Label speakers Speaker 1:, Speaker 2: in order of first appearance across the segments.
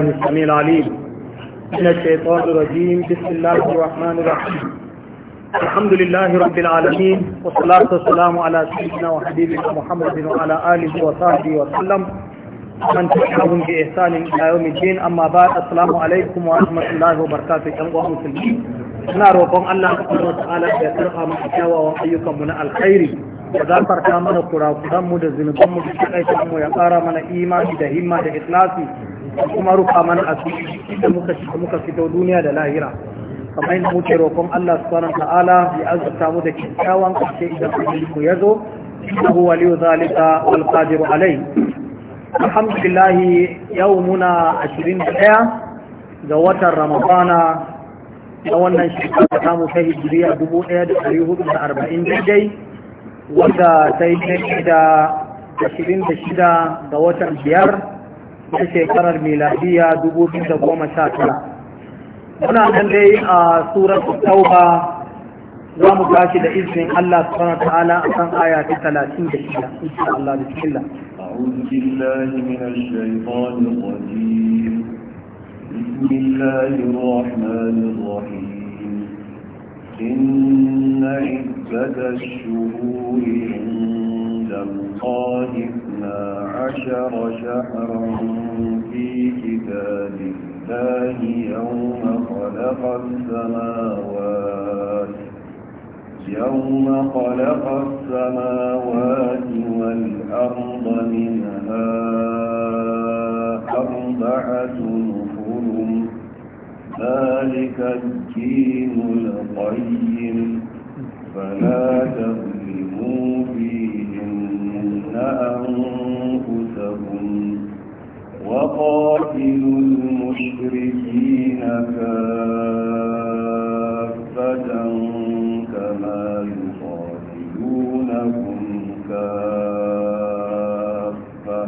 Speaker 1: الله السميع العليم من الشيطان الرجيم بسم الله الرحمن الرحيم الحمد لله رب العالمين والصلاة والسلام على سيدنا وحبيبنا محمد وعلى آله وصحبه وسلم ومن تشعرهم بإحسان إلى يوم الدين أما بعد السلام عليكم ورحمة الله وبركاته جمع مسلمين ina roƙon Allah subhanahu wataala ya karɓa mu kyawawan ayyukan mu na alkhairi ya zafarta mana kurakuran mu da zunuban mu da kaita mu ya ƙara mana imani da himma da ikhlasi kuma rufa mana asiri da muka shiga muka fito duniya da lahira kamar yadda muke roƙon Allah subhanahu ta'ala ya azurta mu da kyakkyawan ƙarshe idan ku ya zo innahu waliyu zalika wal qadiru alai alhamdulillah yau muna 21 ga watan ramadana na wannan shekara ta mu ta hijiriya 1440 daidai wanda ta yi da 26 ga watan biyar ta shekarar miladiya 2019 muna nan dai a surar tauba za mu tashi da izinin Allah subhanahu wa ta'ala a kan aya ta 36 insha Allah bismillah
Speaker 2: أعوذ بالله من الشيطان الرجيم بسم الله الرحمن إن عدة الشهور الله اثنا عشر شهرا في كتاب الله يوم خلق السماوات يوم خلق السماوات والأرض منها أربعة نفر ذلك الدين القيم فلا تظلموا فيه أنفسهم وقاتلوا المشركين كافة كما يقاتلونكم كافة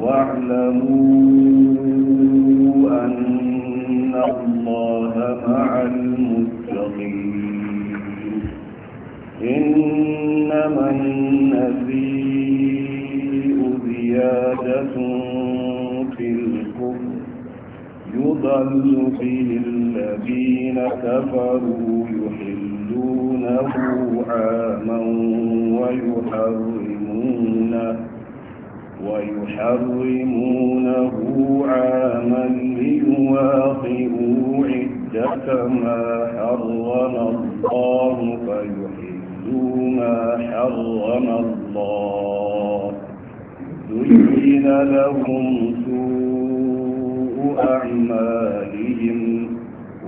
Speaker 2: واعلموا أن الله مع إنما النسيء زيادة في الكفر يضل به الذين كفروا يحلونه عاما ويحرمونه ويحرمونه عاما ليواطئوا عدة ما حرم الله فيحرمونه وَاتَّقُوا مَا حَرَّمَ اللَّهُ زُيِّنَ لَهُمْ سُوءُ أَعْمَالِهِمْ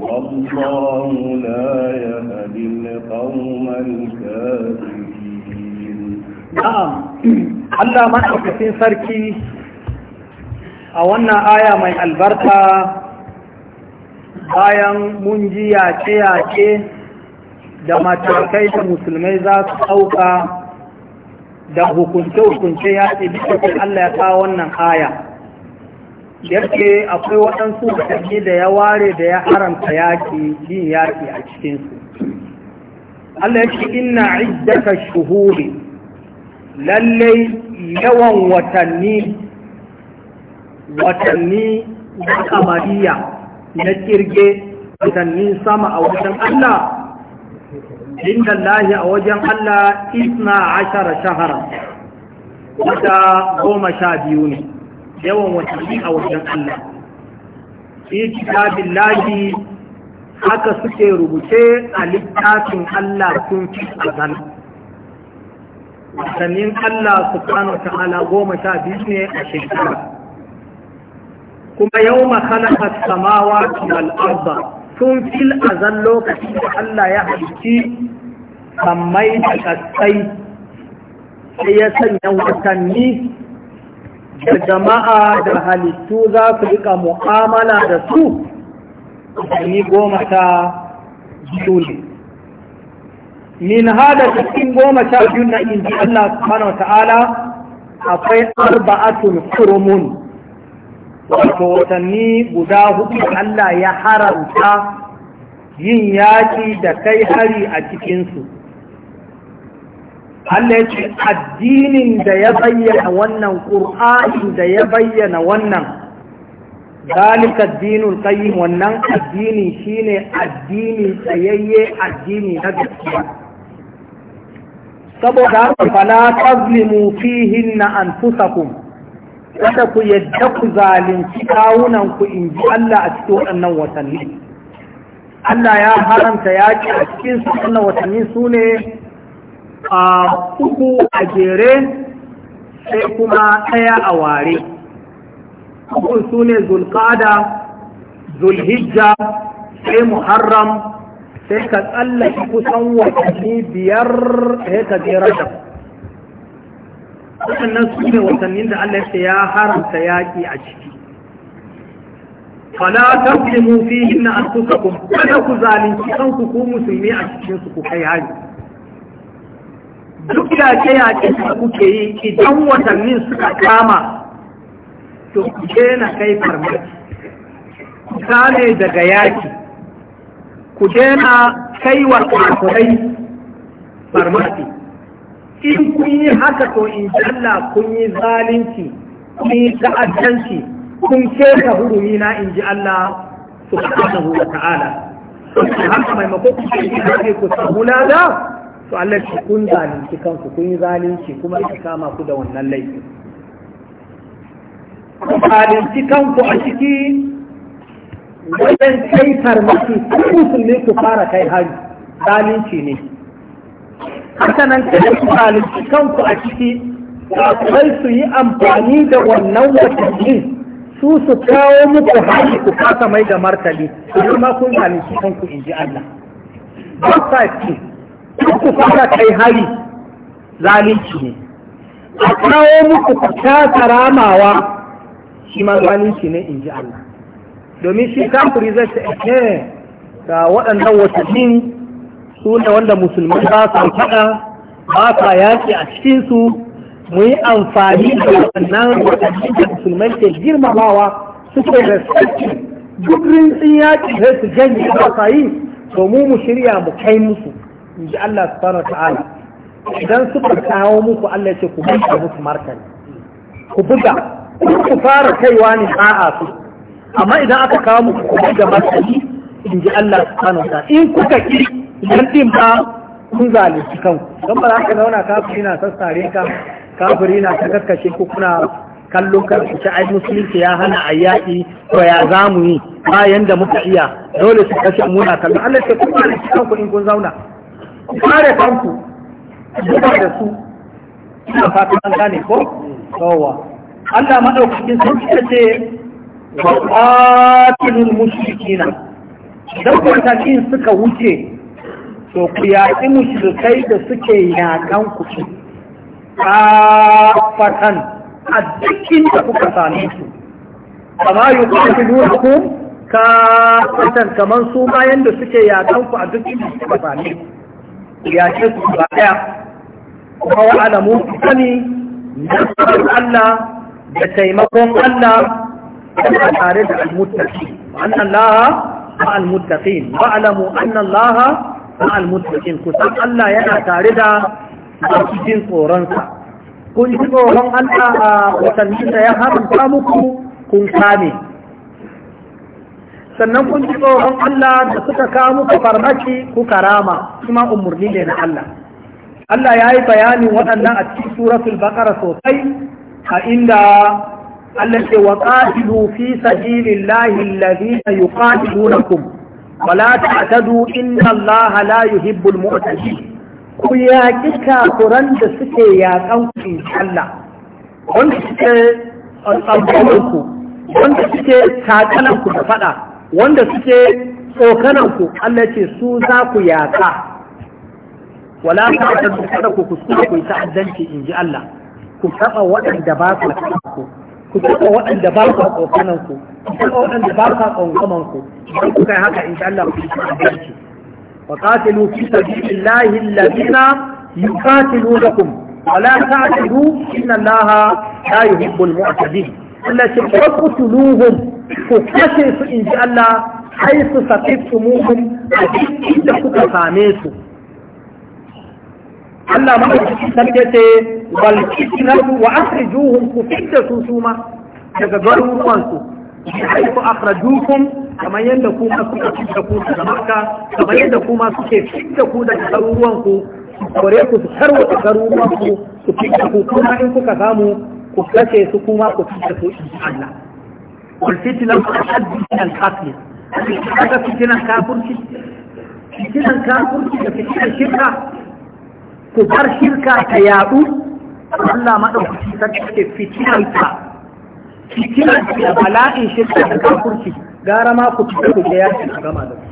Speaker 2: وَاللَّهُ لَا يَهْدِي الْقَوْمَ الْكَافِرِينَ
Speaker 1: نعم الله ما تكفين سركي a wannan aya mai albarka bayan mun ji yace yace da matakai da musulmai za su ɗauka da hukunce-hukunce ya ce kai Allah ya kawo wannan aya yake akwai waɗansu hukunce da ya ware da ya haramta yaƙi yin yaƙi a cikinsu Allah ya ce ina iddaka shuhuri lallai yawan watanni watanni na kamariya na kirge watannin sama a wajen Allah inda lahi a wajen Allah isna ashara shahara wata goma sha biyu ne yawan watanni a wajen Allah fi kitabin lahi haka suke rubuce a littafin Allah sun fi azal watannin Allah subhanahu ta'ala goma sha biyu ne a shekara kuma yau makalakar samawa wal arba tun fil azal lokacin da Allah ya halicci sammai da kasai sai ya sanya watanni da jama'a da halittu za su rika mu'amala da su watanni goma sha biyu ne min hada cikin goma sha biyu na inji Allah subhanahu wa ta'ala akwai arba'atun kurumun. wato watanni guda hudu Allah ya haramta yin yaƙi da kai hari a cikinsu Allah ya ce addinin da ya bayyana wannan ƙur'ani da ya bayyana wannan zalika dinul kai wannan addini shine addini tsayayye addini na gaskiya saboda fala tazlimu fihinna anfusakum kada ku yadda ku zalunci kawunan ku in ji Allah a cikin waɗannan watanni Allah ya haramta yaƙi a cikin waɗannan watanni su ne a uku a jere sai kuma ɗaya a ware uku su ne zulƙada zulhijja sai muharram sai ka tsallake kusan watanni biyar ya ka jera da waɗannan su ne watannin da Allah ya ya haramta yaƙi a ciki fala tazlimu yin na anfusakum kada ku zalunci kanku ku musulmi a cikinsu ku kai hari duk ke yaƙi da kuke yi idan watannin suka kama to ku daina kai farmaki ku kame daga yaƙi ku daina kai wa farmaki in kun yi haka to in ji Allah kun yi zalunci kun yi ta'addanci kun keta hurumi na in ji Allah subhanahu wa ta'ala to haka maimakon ku ce ki ku samu da to Allah shi kun zalunci kanku kun yi zalunci kuma aka kama ku da wannan laifin ku zalunci kanku a ciki wajen kai farmaki ku musulmi ku fara kai hari zalunci ne haka nan kada ku zalunci kanku a ciki kafirai su yi amfani da wannan watannin su su kawo muku hali ku kasa mai da martani su yi ma kun zalunci kanku in ji Allah ba sa ce ku fara kai hali zalunci ne a kawo muku ku kasa ramawa shi ma zalunci ne in ji Allah domin shi kafiri zai ce eh, ga waɗannan watannin su ne wanda musulman ba su faɗa ba sa yaƙi a cikinsu mu yi amfani da wannan wadannan da musulman ke girmamawa suke respecti duk rinsin yaƙi sai su janye ba sa yi to mu mu shirya mu kai musu in ji Allah subhanahu ta'ala idan suka kawo muku Allah ce ku buga musu martani ku buga ku fara kaiwa ne a'a su amma idan aka kawo muku ku buga martani in ji Allah subhanahu ta'ala in kuka ki idan ba kun zalunci kan don ba za ka zauna kafiri na sassare ka kafiri na ta kakkashe ko kuna kallon karfi ta ai musulunci ya hana a yaƙi ko ya za mu yi bayan da muka iya dole su kashe muna kallon Allah ce kun zalunci kanku in kun zauna kare kanku zuba da su ina fatan an gane ko yawa Allah madaukakin sun ce wa qatilul mushrikina dan kwanta suka wuce to ku yaƙi mushrikai da suke yaƙan ku su kafatan a dukkin da kuka same su kama yi nuna ku kafatan kamar su bayan da suke yaƙan ku a dukkin da kuka same ku yaƙe su ba ɗaya kuma wa alamu ku sani nasarar Allah da taimakon Allah da tare da almuttaqi wa anna Allah ma almuttaqin wa alamu anna laha. ma'al mutlakin ku san Allah yana tare da cikin tsoronsa kun ji tsoron Allah a watanni da ya haramta muku kun kame sannan kun ji tsoron Allah da suka kawo muku farmaki ku karama kuma umarni ne na Allah Allah ya yi bayanin waɗannan a cikin suratul baqara sosai a inda Allah ce wa qatilu fi sabilillahi alladhina yuqatilunakum wala ta'tadu inna Allah la yuhibbul mu'tadin ku yaƙi kafuran da suke yaƙan ku Allah wanda suke tsamfanin ku wanda suke takalan ku da faɗa wanda suke tsokananku, Allah ce su za ku yaƙa wala ta kada ku kuskure ku yi ta'addanci in ji Allah ku taɓa waɗanda ba su ku ku taɓa waɗanda ba ku tsokanan ku ku taɓa waɗanda ba ku tsonkaman ku idan ku kai haka insha Allah ku yi adalci wa qatilu fi sabilillahi alladhina yuqatilunakum wa la ta'tadu inna Allaha la yuhibbul mu'tadin Allah ce ku kashe su insha Allah haythu saqiftumuhum a cikin da kuka same su
Speaker 2: Allah madaukakin sarki ce wal kitnatu
Speaker 1: wa akhrijuhum ku fidda su suma daga garuruwan su haifu akhrajukum kamar yadda kuma suka fidda ku daga makka kamar yadda kuma suke fidda ku daga garuruwan ku kore ku su tarwata garuruwan ku su fidda ku kuma in kuka samu ku kashe su kuma ku fidda su in Allah wal fitnatu ashaddu min al-qatl kaga fitinan kafirci fitnan kafirci da fitnan shirka ku bar shirka ta yaɗu Allah maɗaukaki sarki ke fitinanta fitinanta da bala'in shirka da kafurci gara ma ku fita ku je yaki a gama da su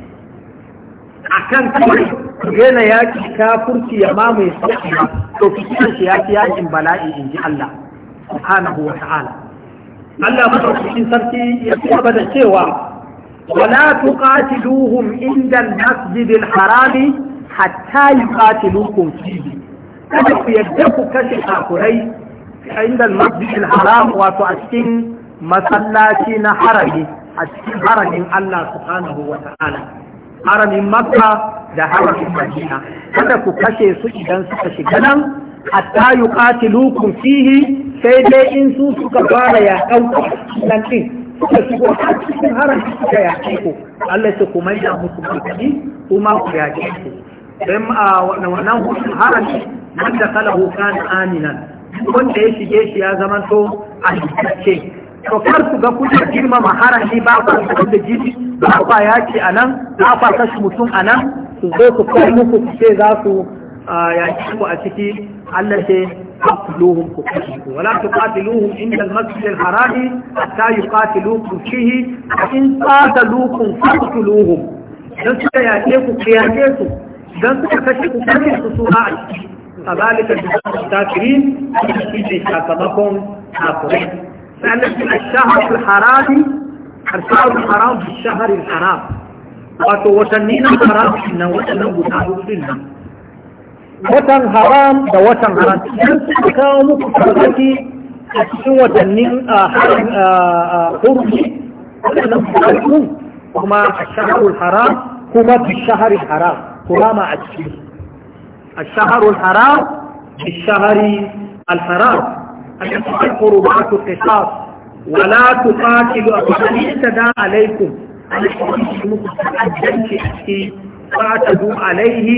Speaker 1: a kan kai ku daina yaki kafurci ya mamaye sarki to fitinan shi yaki yakin bala'i in ji Allah subhanahu wa ta'ala Allah maɗaukakin sarki ya ci gaba da cewa ولا تقاتلوهم عند المسجد الحرام hatta yuqatilukum fihi kada ku yadda ku kashe a inda al-masjid al-haram wato a cikin masallaci na harami a cikin haramin Allah subhanahu wa ta'ala haramin Makka da haramin Madina kada ku kashe su idan suka shiga nan hatta yuqatilukum fihi sai dai in su suka fara ya dauka nan din suka shigo a cikin haramin suka yaƙe ku Allah ya kuma ya musu kuma ku yaƙe ku don wannan harami wanda kalahu kan aminan wanda ya shige shi ya zama to a shigacce to kar su ga kuka girma harami ba ku da jini ba ku ya ce a nan ba ku kashe mutum a nan su zo su kai muku ce za su yaki ku a ciki Allah ce قتلوهم كفرهم ولا تقاتلوهم عند المسجد الحرام حتى يقاتلوكم فيه فإن قاتلوكم فاقتلوهم don suka yaƙe ku ku su dan suka kashe ku kashe su su a ciki a zalika jihar kafirin shi ne sakamakon kafirai sannan su ashahar al-harami ashahar al-haram bi shahar al-haram wato watanni na haram nan waɗannan guda hudu nan watan haram da watan haram idan suka kawo muku farmaki a cikin watannin hurmi waɗannan guda hudu kuma ashahar al-haram kuma bi shahar al-haram kurama a ciki a shaharul haram bi shahari alharam an yi cikin kurubatu qisas wala tuqatilu ahadin tada alaikum an yi muku ta'addanci a ciki fa'tadu alaihi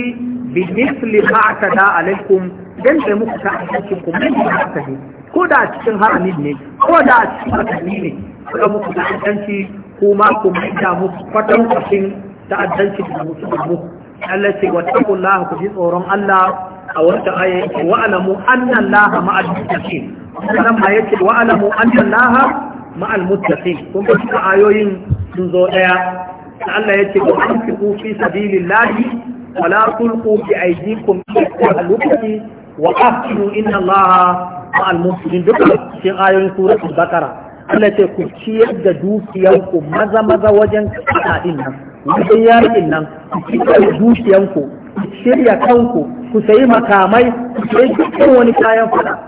Speaker 1: bi misli fa'tada alaikum dan sai muku ta'addanci kuma ne ta'addanci ko da a cikin haramin ne ko da a cikin hakanni ne suka muku ta'addanci kuma kuma da muku kwatan kwafin ta'addanci musu da muku Allah ce wa taqullaha tsoron Allah a wata aya yake wa alamu anna Allah ma'al muttaqin sannan ma yake wa alamu anna Allah ma'al muttaqin kun ga ayoyin sun zo daya Allah yake wa anfiqu fi sabilillahi wa la tulqu bi aydikum ila wa ahsinu inna Allah ma'al muttaqin cikin ayoyin suratul baqara Allah ce ku ciyar da dukiyarku maza maza wajen kada nan wajen yakin nan ku kiyaye dukiyanku ku shirya kanku ku sayi makamai ku sayi dukkan wani kayan fada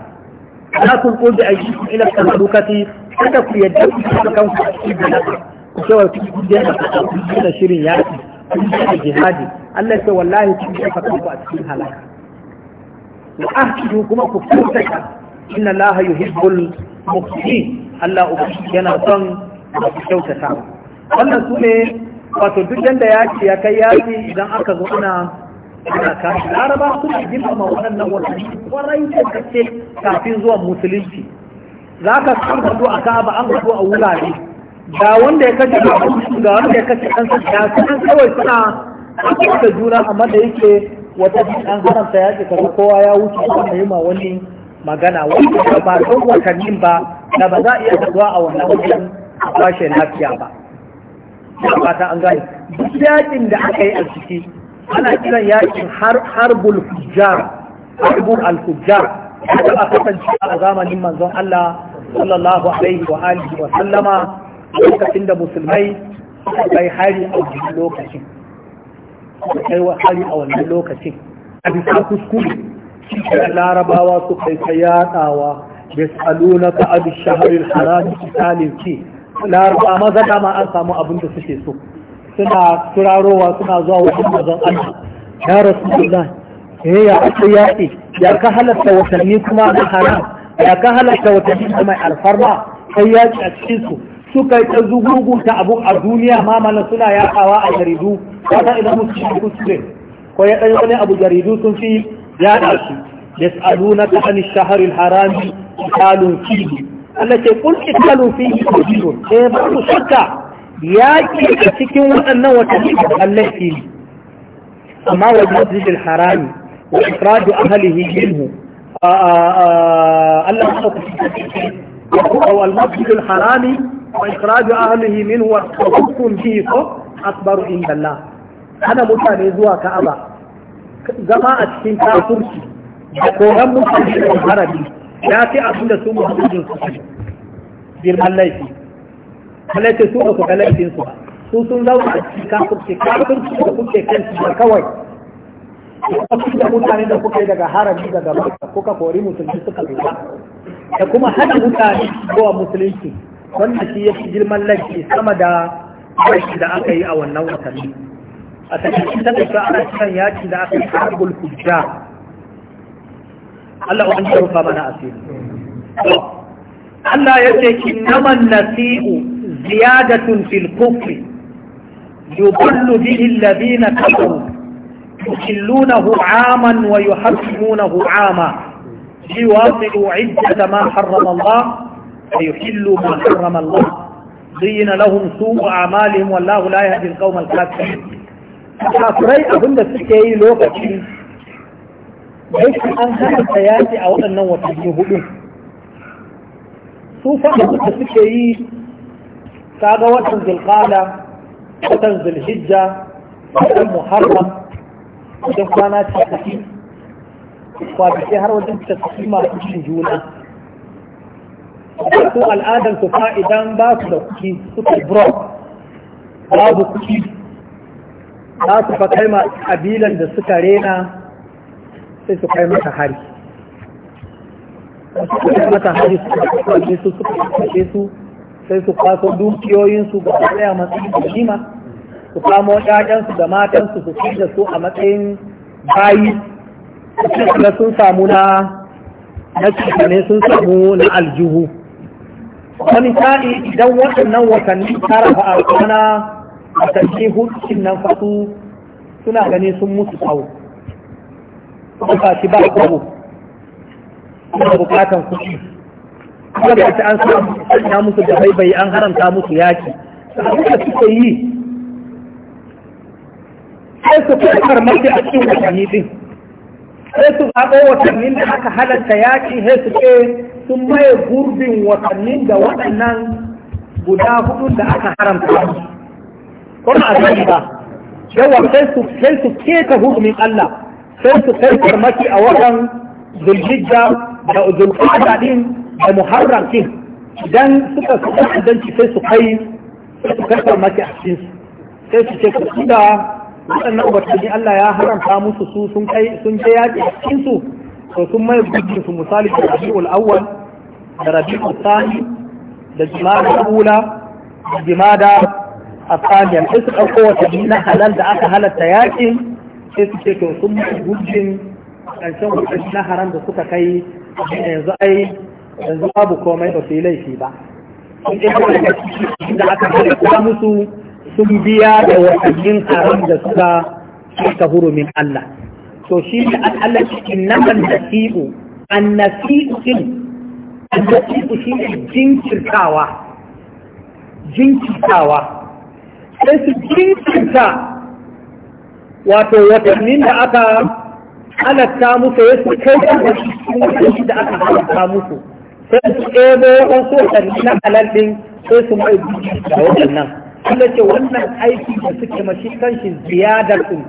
Speaker 1: la tulqu aiki aydikum ila tahlukati kada ku yadda ku kiyaye kanku a cikin gaba ku shawar ku je da ku da shirin yaki ku je da jihadi Allah ya ce wallahi ku kiyaye kanku a cikin halaka wa ahdu kuma ku fusata inna Allah yuhibbul muqsitin Allah ubangiji yana son ku kyautata wannan su ne wato duk yanda yaki ya kai yaki idan aka zo ana ana kashi laraba sun yi suna girmama waɗannan wasanni kwarai da gaske kafin zuwa musulunci za ka karfato a ka'aba an fito a wurare ga wanda ya kashe ga wanda ya kashe kansa ya san kawai suna da juna amma da yake wata an haramta ya yaƙi kaga kowa ya wuce wanda yi ma wani magana wanda ba don watannin ba da ba za a iya zuwa a wannan wajen kwashe lafiya ba da fata an gane duk yakin da aka yi a ciki ana kiran yakin har harbul fujjar harbul al-fujjar da aka kasance a zamanin manzon Allah sallallahu alaihi wa alihi wa sallama lokacin da musulmai suka yi hari a wannan lokacin suka yi hari a wannan lokacin a bisa kuskure larabawa suka kai ta yadawa yasalunaka abi shahril haram kitalin ki laraba maza dama an samu abin da suke so suna turarowa suna zuwa wajen mazan Allah ya rasulullah eh ya aka yaki. ya ka halatta watanni kuma na haram ya ka halatta watanni da mai alfarma Kai yaki a cikin su suka yi ta zugugunta abu a duniya ma mana suna yaƙawa a jaridu Ba wata idan musu shi kuskure ko ya ɗanyi wani abu jaridu sun fi yaɗa su yas'alunaka an shaharil harami qitalun fihi التي كل اتقلوا فيه كبيرون ايبارو الشكا ياكي اتكين انه وتحيب الله فيه اما وجزيج الحرام وإفراج أهله منه آه، آه، آه، الله سبحانه أو المسجد الحرام وإخراج أهله منه وحكم فيه أكبر عند الله أنا متعرضوا كأبا جماعة كنتا ترسي كورا مسجد الحرام ya fi abin da su muhammadin su girman laifi halatta su da su ga su ba su sun zauna a cikin kafirce kafirce da kuke kansu da kawai kafin da mutane da kuka yi daga harami daga baka kuka kori musulmi suka lura da kuma hana mutane zuwa musulunci wannan shi ya fi girman laifi sama da yaki da aka yi a wannan watanni a taƙaice ta ɗauka ana cikin yaki da aka yi a hujja Allah wa ya rufa mana asiri Allah ya ce innaman nasi'u ziyadatun fil kufri yudillu bihi alladhina kafaru يحلونه عاما ويحرمونه عاما ليواصلوا عدة ما حرم الله ويحلوا ما حرم الله زين لهم سوء أعمالهم والله لا يهدي القوم الكافرين kafirai abin da suke yi lokacin
Speaker 3: dai an haramta yaƙi a
Speaker 1: waɗannan watanni hudu su fa da suke yi kaga watan zulqada watan zulhijja watan muharram wajen kwana tafi kwanaki har wajen tafi masu cin juna su al'adar su fa'idan ba su da kuki suka bro babu kuki za su fa kai ma kabilan da suka rena sai su kai mata hari su kai mata hari su kwace su su kai su sai su kwaso dukiyoyinsu ga tsaya matsayin ganima su kamo ƴaƴansu da matansu su fi da su a matsayin bayi da sun samu na na cikane sun samu na aljihu wani sa'i idan waɗannan watanni tara ba a kwana watanni hudu nan fasu suna gani sun mutu tsawo kuma ba shi ba kwamo kuma bukatan kuɗi kuma da ta an sanya musu da baibai an haramta musu yaki abinda suka yi sai su kai farmaki a cikin watanni din sai su zaɓo watannin da aka halarta yaki sai su ke sun maye gurbin watannin da waɗannan guda hudu da aka haramta musu kuma a zai ba yawan sai su keta hukumin Allah sai su kai farmaki a watan zulhijja da zulqa'ada din da muharram din idan suka suka sai su kai sai su kai farmaki a cikin su sai su ce ku kuda waɗannan ubatanni Allah ya haramta musu su sun kai sun je yaƙi a cikin su to sun mai gudun su misali da rabi'ul awwal da rabi'ul thani da jima'a ula da jima'a da tsaniya sai su ɗauko watanni na halal da aka halatta yaƙin sai suke to sun mutu gudun ƙarshen hukunci na haram da suka kai yanzu ai yanzu babu komai ba su yi laifi ba
Speaker 3: da aka kuma
Speaker 1: musu sun biya da wasannin haram da suka suka hurumin Allah to shi ne Allah cikin naman nasi'u an nasi'u din an nasi'u shi ne jinkirtawa jinkirtawa sai su jinkirta wato watannin da aka halatta musu ya su kai da cikin da aka halatta musu sai su ɗebo wasu watanni na halallin ɗin sai su mai da waɗannan kuma ce wannan aiki da suke mashi kanshi ziyadar ɗin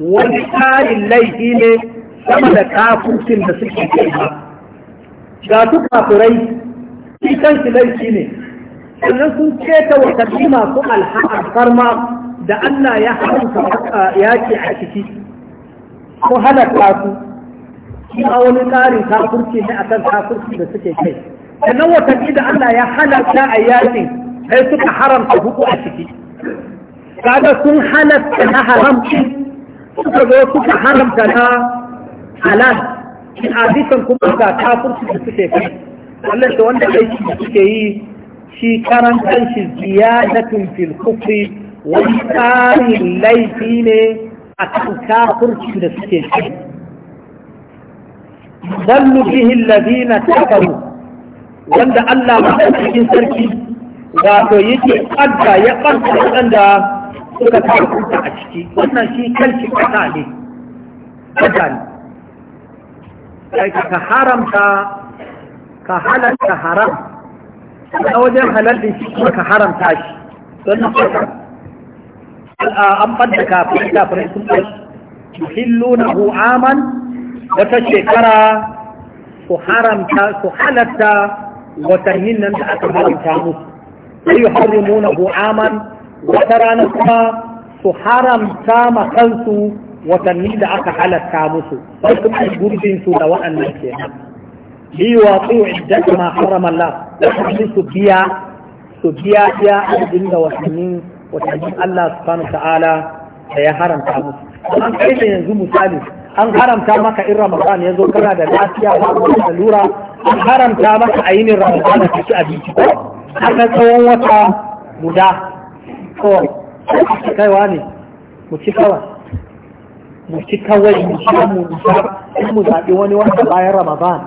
Speaker 1: wani ƙarin laifi ne sama da kafurcin da suke kai ga su kafurai shi kanshi laifi ne sannan sun keta watanni masu alfarma da Allah ya haramta yaki a ciki ko halatta su shi a wani tsarin kafurci ne akan kafurci da suke kai sannan watanni da Allah ya halatta a yaƙi sai suka haramta huku a ciki kaga sun halatta na haramci suka zo suka haramta na halal in a bisan kuma ga kafurci da suke kai wannan da wanda aiki da suke yi shi karan kanshi ziyadatun fil kufri wani tsarin laifi ne a kan kafurci da suke shi zallu bihi allazina kafaru wanda Allah ba cikin sarki wato yake kadda ya kadda wanda suka kafurta a ciki wannan shi kalci ƙasa ne kada ne ka haramta ka halarta haram a wajen halalta shi ka haramta shi don na an fadda kafirai kafirai sun bai yuhillunahu aman wata shekara su haramta su halatta watannin nan da aka haramta musu sai yuharrimunahu aman wata rana kuma su haramta ma kansu watanni da aka halatta musu sai kuma gurbin da waɗannan kenan liwaqi'u iddat ma harama Allah su biya su biya ya adadin da watannin wajen Allah subhanahu ta'ala da ya haramta musu an kai da yanzu misali an haramta maka in ramadan ya zo kana da lafiya ba da lura an haramta maka a yinin ramadan da kake abinci ko haka tsawon wata guda kawai kai ne mu ci kawai mu ci kawai mu ci mu mu zaɓi wani wanda bayan ramadan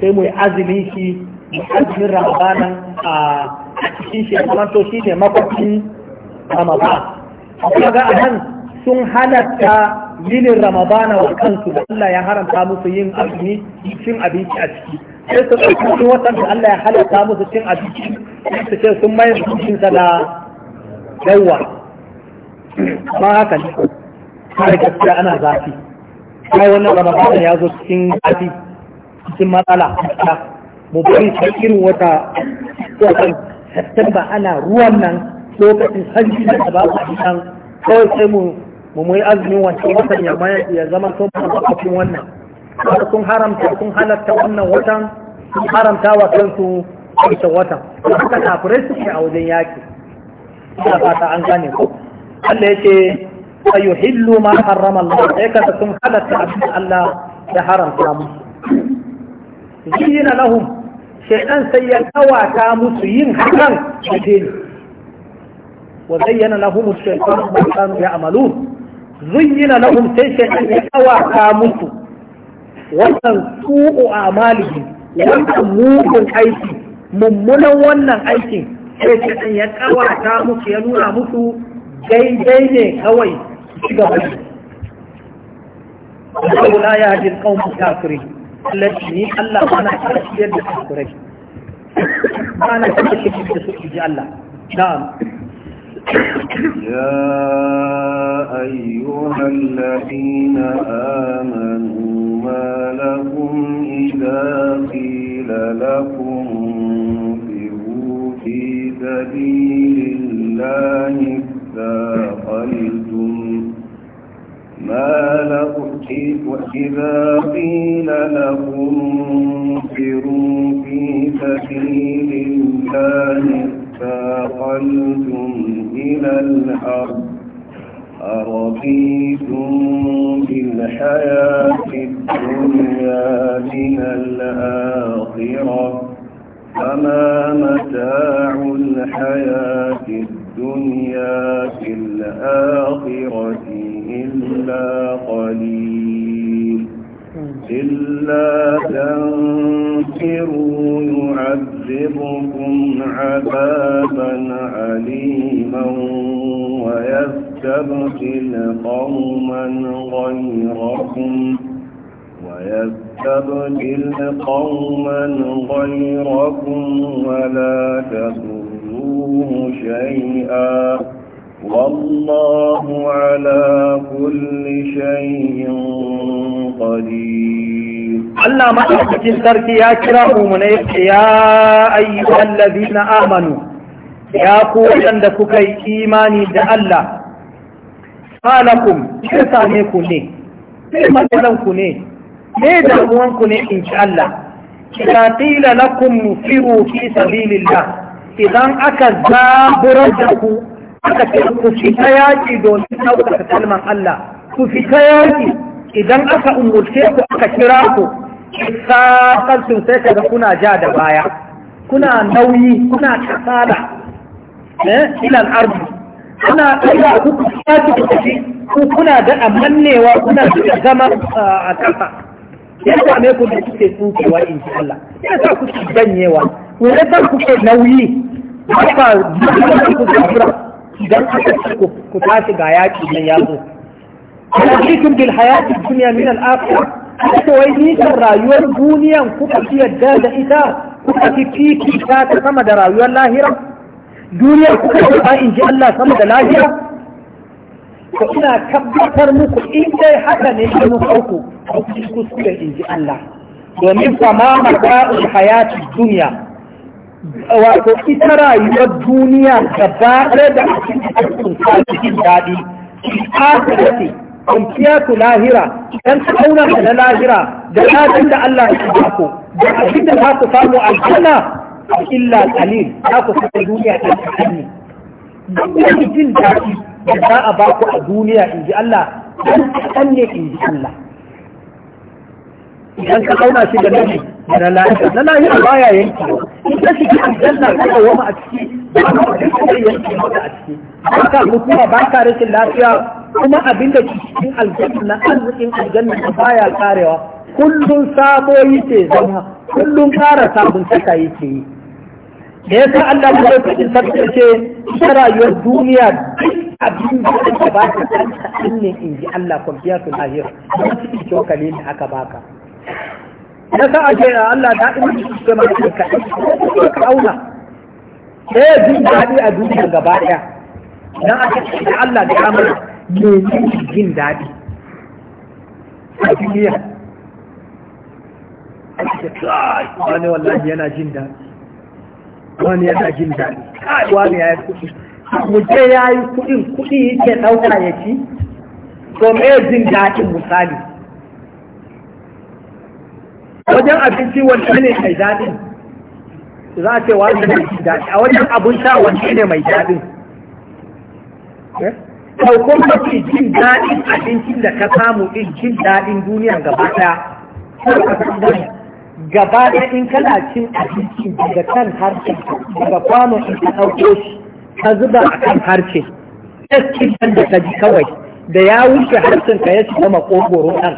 Speaker 1: sai mu yi azumin shi mu azumin Ramadan a cikin shi ya shi ne makwabcin ramadan kaga a nan sun halatta yinin ramadana wa kansu da Allah ya haramta musu yin azumi cin abinci a ciki sai su ɗauki cikin watan da Allah ya halatta musu cin abinci su ce sun mai cikin sa da yawa amma haka ne
Speaker 3: kare gaskiya ana
Speaker 1: zafi kai wannan ramadana ya zo cikin zafi cikin matsala mu bari ta wata wata watan Satumba ana ruwan nan lokacin hajji da ba a cikin kawai sai mu mu mai azumin wancan watan ya mayar ya zama sun mamakafin wannan har sun haramta sun halatta wannan watan sun haramta wa kansu wancan watan haka kafirai suke a wajen yaki ina fata an gane ko Allah yake ayuhillu ma harrama Allah sai kaga sun halatta abin Allah ya haramta musu zina lahum shaytan sai ya tawata musu yin hakan da dini Wa وزين لهم الشيطان ما كانوا يعملون زين لهم شيئا يأوى كاموس wannan su'u amalihim wannan mugun aiki mummunan wannan aikin sai kiɗan ya kawata musu ya nuna musu daidai ne kawai shiga bane Allah la ya hadin qaumun kafirin allati ni Allah ana kafiyar da
Speaker 2: kafirai ana kafiyar da su ji Allah na'am يا أيها الذين آمنوا ما لكم إذا قيل لكم انفروا في سبيل الله اثاقلتم ما لكم إذا قيل لكم انفروا في سبيل الله فاقلتم إلى الأرض أرضيتم بالحياة الدنيا من الآخرة فما متاع الحياة الدنيا في الآخرة إلا قليل إلا تنفروا يعذب يعذبكم عذابا عليما ويستبدل قوما غيركم ويستبدل قوما غيركم ولا تضروه شيئا والله على كل شيء قدير Allah maɗaukakin sarki ya kira umuna
Speaker 1: ya ce ya ayyukan na amanu ya ku waɗanda kuka yi imani da Allah salakum ya same ku ne matsalan ku ne ne da ne in ci Allah ya qila lakum firu fi sabilillah idan aka zaburar da ku aka ce ku fita yaƙi domin ɗaukaka kalman Allah ku fita yaƙi idan aka umurce ku aka kira ku sakarsun sai kaga kuna ja da baya kuna nauyi kuna kasala eh ilal ardi kuna kaida ku ku ku kuna da mannewa kuna da zama a kasa yadda same ku da kuke tsukewa in ji Allah yadda sa kuke ganyewa ku yadda kuke nauyi ba ku da idan aka ku ku tashi ga yaki nan yazo alaikum bil hayati dunya min al akhirah aka wai ni rayuwar duniyan kuka fi yadda da ita kuka fi fifi ta sama da rayuwar lahira Duniya kuka fi ba in ji Allah sama da lahira ko ina tabbatar muku in dai haka ne ki mu ku kuskure in ji Allah domin fama mata'ul hayati duniya wato ita rayuwar duniya gaba ɗaya da ake cikin daɗi ta ce kwanciya ku lahira dan kauna na lahira da ladan da Allah ya ba ku da abin da za ku samu aljanna illa qalil za ku samu duniya ta kalli duk wani jin daɗi da za a ba ku a duniya in ji Allah dan kaɗan ne in ji Allah idan ka kauna shi da nabi na lahira na lahira baya yanki in ka shiga aljanna ka wama a ciki ba ka mutuwa ba ka rashin lafiya kuma abin da cikin aljanna arzikin aljanna baya karewa kullum sabo ce zama kullum kara sabon kasa yake yi da yasa Allah mu da cikin sarki ce ta rayuwar duniya abin da aka baka kan ne in ji Allah kwamfiyatul ahir kuma cikin cokali ne aka baka yasa a ce Allah da in ji ke mai ka ka auna eh jin daɗi a duniya gaba ɗaya dan aka ce Allah da amana menene jin daɗi a duniya ake kai wani wallahi yana jin daɗi wani yana jin daɗi kai wani ya yi kuɗi muje ya yi kuɗin kuɗi yake ɗauka ya ci to me jin daɗin misali wajen abinci wanda ne mai daɗin za a ce wani ne mai daɗi a wajen abin sha wanda ne mai daɗin eh? kai kuma mafi jin daɗin abincin da ka samu ɗin jin daɗin duniya gaba ɗaya gaba ɗaya in kana cin abincin daga kan harshe daga kwano in ka ɗauko shi ka zuba a kan harshe ɗan da ka ji kawai da ya wuce harshen ka ya shiga makogoro ɗan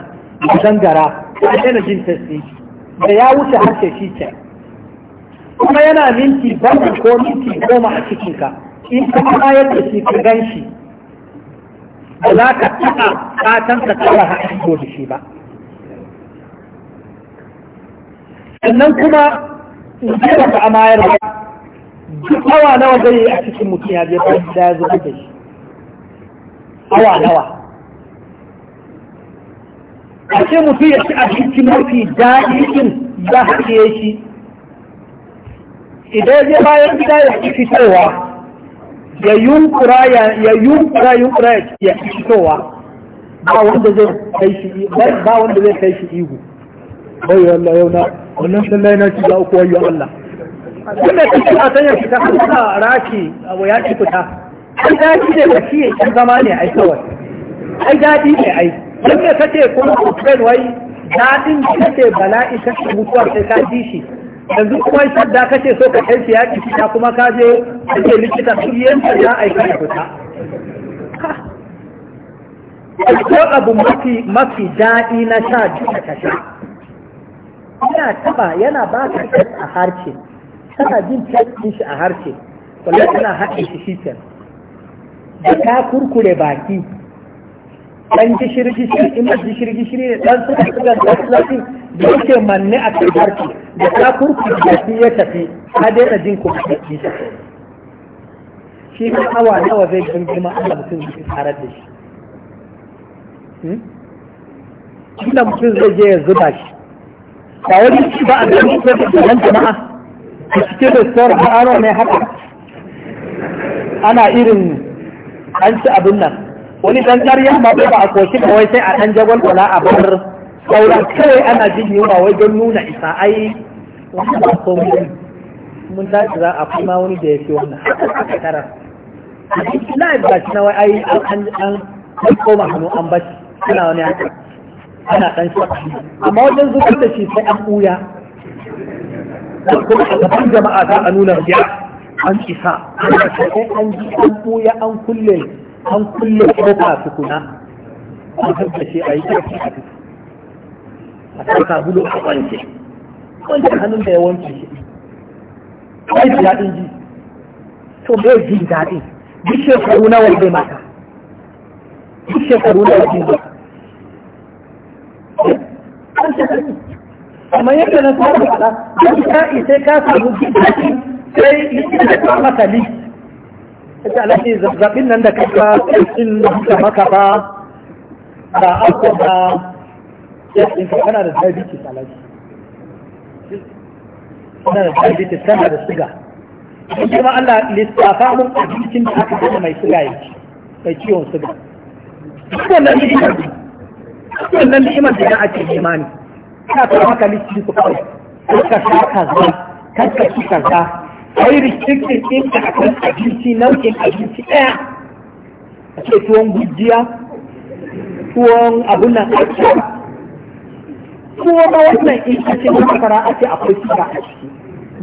Speaker 1: gangara ka daina jin tasiri da ya wuce harshe shi ce kuma yana minti bakwai ko minti goma a cikinka in ka bayar da shi ka gan shi
Speaker 2: ba za ka taɓa fatan ka tsara haɗin
Speaker 1: da shi ba sannan kuma in ji ba a mayar ba duk awa nawa zai yi a cikin mutum ya je bayan da ya zo da shi awa nawa a ce mutum ya ci abinci mafi daɗi din a haɗe shi idan ya bayan gida ya ci fitarwa ya yunkura ya yunkura yunkura ya fitowa ba wanda zai kai shi ba wanda zai kai shi ihu bai wallah yau na wannan sallai na ci za ku wayo Allah kuma kike a sanya shi ta hanta raki abu ya ci fita ai dadi ne da shi kan zama ne ai kawai ai dadi ne ai dan me kace kuma friend wai dadin kace bala'i kace mutuwa sai ka ji shi yanzu kuma sadda kake so ka kai siyaki ta kuma kaje je ke likita kuriyan yanta ya aika da fita ko abu mafi mafi daɗi na sha duka ta sha Ina taɓa yana ba ka test a harshe kana jin test shi a harshe kwallo tana haɗe shi shi da ka kurkure baki Ɗan gishiri gishiri in ma gishiri gishiri ne ɗan suka suka da da yake manne a kan harki da ta kurki da shi ya tafi ka daina jin ku da shi shi ka awa nawa zai jin girma Allah mutum zai tarar da shi hmm? na mutum zai je ya zuba shi ba wani shi ba a ganin nan jama'a a cike da ba aro ne haka ana irin an ci abin nan wani dan ƙarya ma ba a koshi wai sai a ɗan jagon wala a bar saura kawai ana jin yunwa wai don nuna isa ai wannan ba komai mun tashi za a kuma wani da ya fi wannan a karar na ba shi na wai ai an an koma hannu an bashi suna wani haka ana ɗan shi amma wajen zubar da shi sai an ɓuya
Speaker 2: kuma a gaban jama'a za
Speaker 1: a nuna biya an isa an ji an ɓuya an kulle an kulle kofa tukuna an tabbace a yi ƙarfi a duk a kan sabulu a wanke wanke hannun da ya wanke shi ai ji daɗin ji to bai ji daɗin duk shekaru wanda bai mata duk shekaru wanda bai mata amma yadda na samu faɗa duk sa'i sai ka samu ji daɗin sai likita ta maka ita alaƙi zazzabin nan da kaka cikin da maka ba a aka da yakin ka kana da diabetes alaƙi kana da diabetes kana da siga in ma Allah lissafa mun abincin da aka gani mai siga yake mai ciwon siga wannan ni'imar wannan ni'imar da ake nema ne ka ta maka lissafi ku kawai ka sha kaza ka ka ci kaza a cikin restricted da a kan abinci nau'in abinci ɗaya a ce tuwon gujiya tuwon abun nan aka tuwo ba wannan in ka ce makara a ce akwai suga a ciki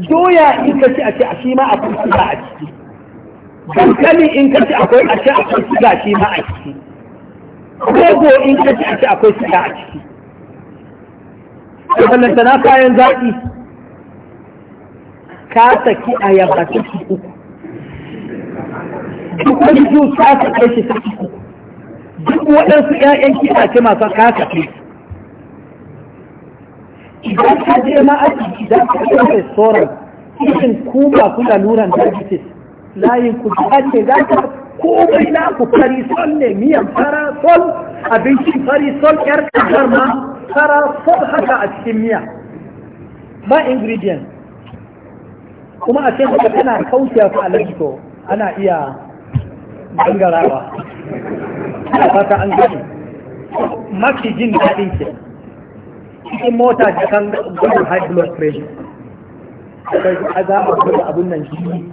Speaker 1: doya in ka ce a ce a shi ma akwai suga a ciki dankali in ka ce akwai a ce akwai suga shi ma a ciki rogo in ka ce a ce akwai suga a ciki. Wannan na kayan zaɓi. ka saki a ayaba saki uku duk wani jus ka saki shi saki uku duk waɗansu ‘ya'yan kiɗa ce masu ka saki idan ka je ma aiki idan ka je restoran cikin ku masu laluran diabetes layin ku da ce za ka komai na ku farisol ne miyan farasol abinci farisol ‘yar kasar ma farasol haka a cikin miya ba ingredient kuma a ce maka tana kaucewa ka alaji ana iya gangarawa ana fata an gani maki jin daɗin ke cikin mota da kan gudun high blood pressure sai a za a gudu abun nan jini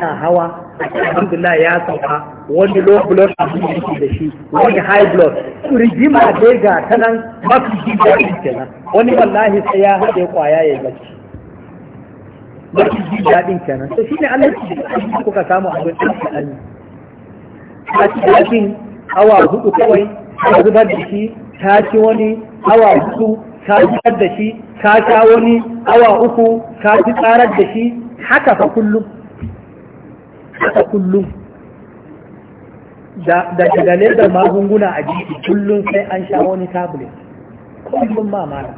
Speaker 1: na hawa alhamdulillah ya sauka wani low blood abin da yake da shi wani high blood rigima dai ga ta nan mafi jin daɗin ke nan wani wallahi sai ya haɗe kwaya ya gaci ba ji daɗin kenan shi ne Allah ki kuka samu abin da ki Allah A cikin awa hudu kawai ta zubar da shi ta ci wani awa hudu ta zubar da shi ta wani awa uku ka ci tsarar da shi haka fa kullum haka kullum da daga magunguna a jiki kullum sai an sha wani tablet kullum ma mala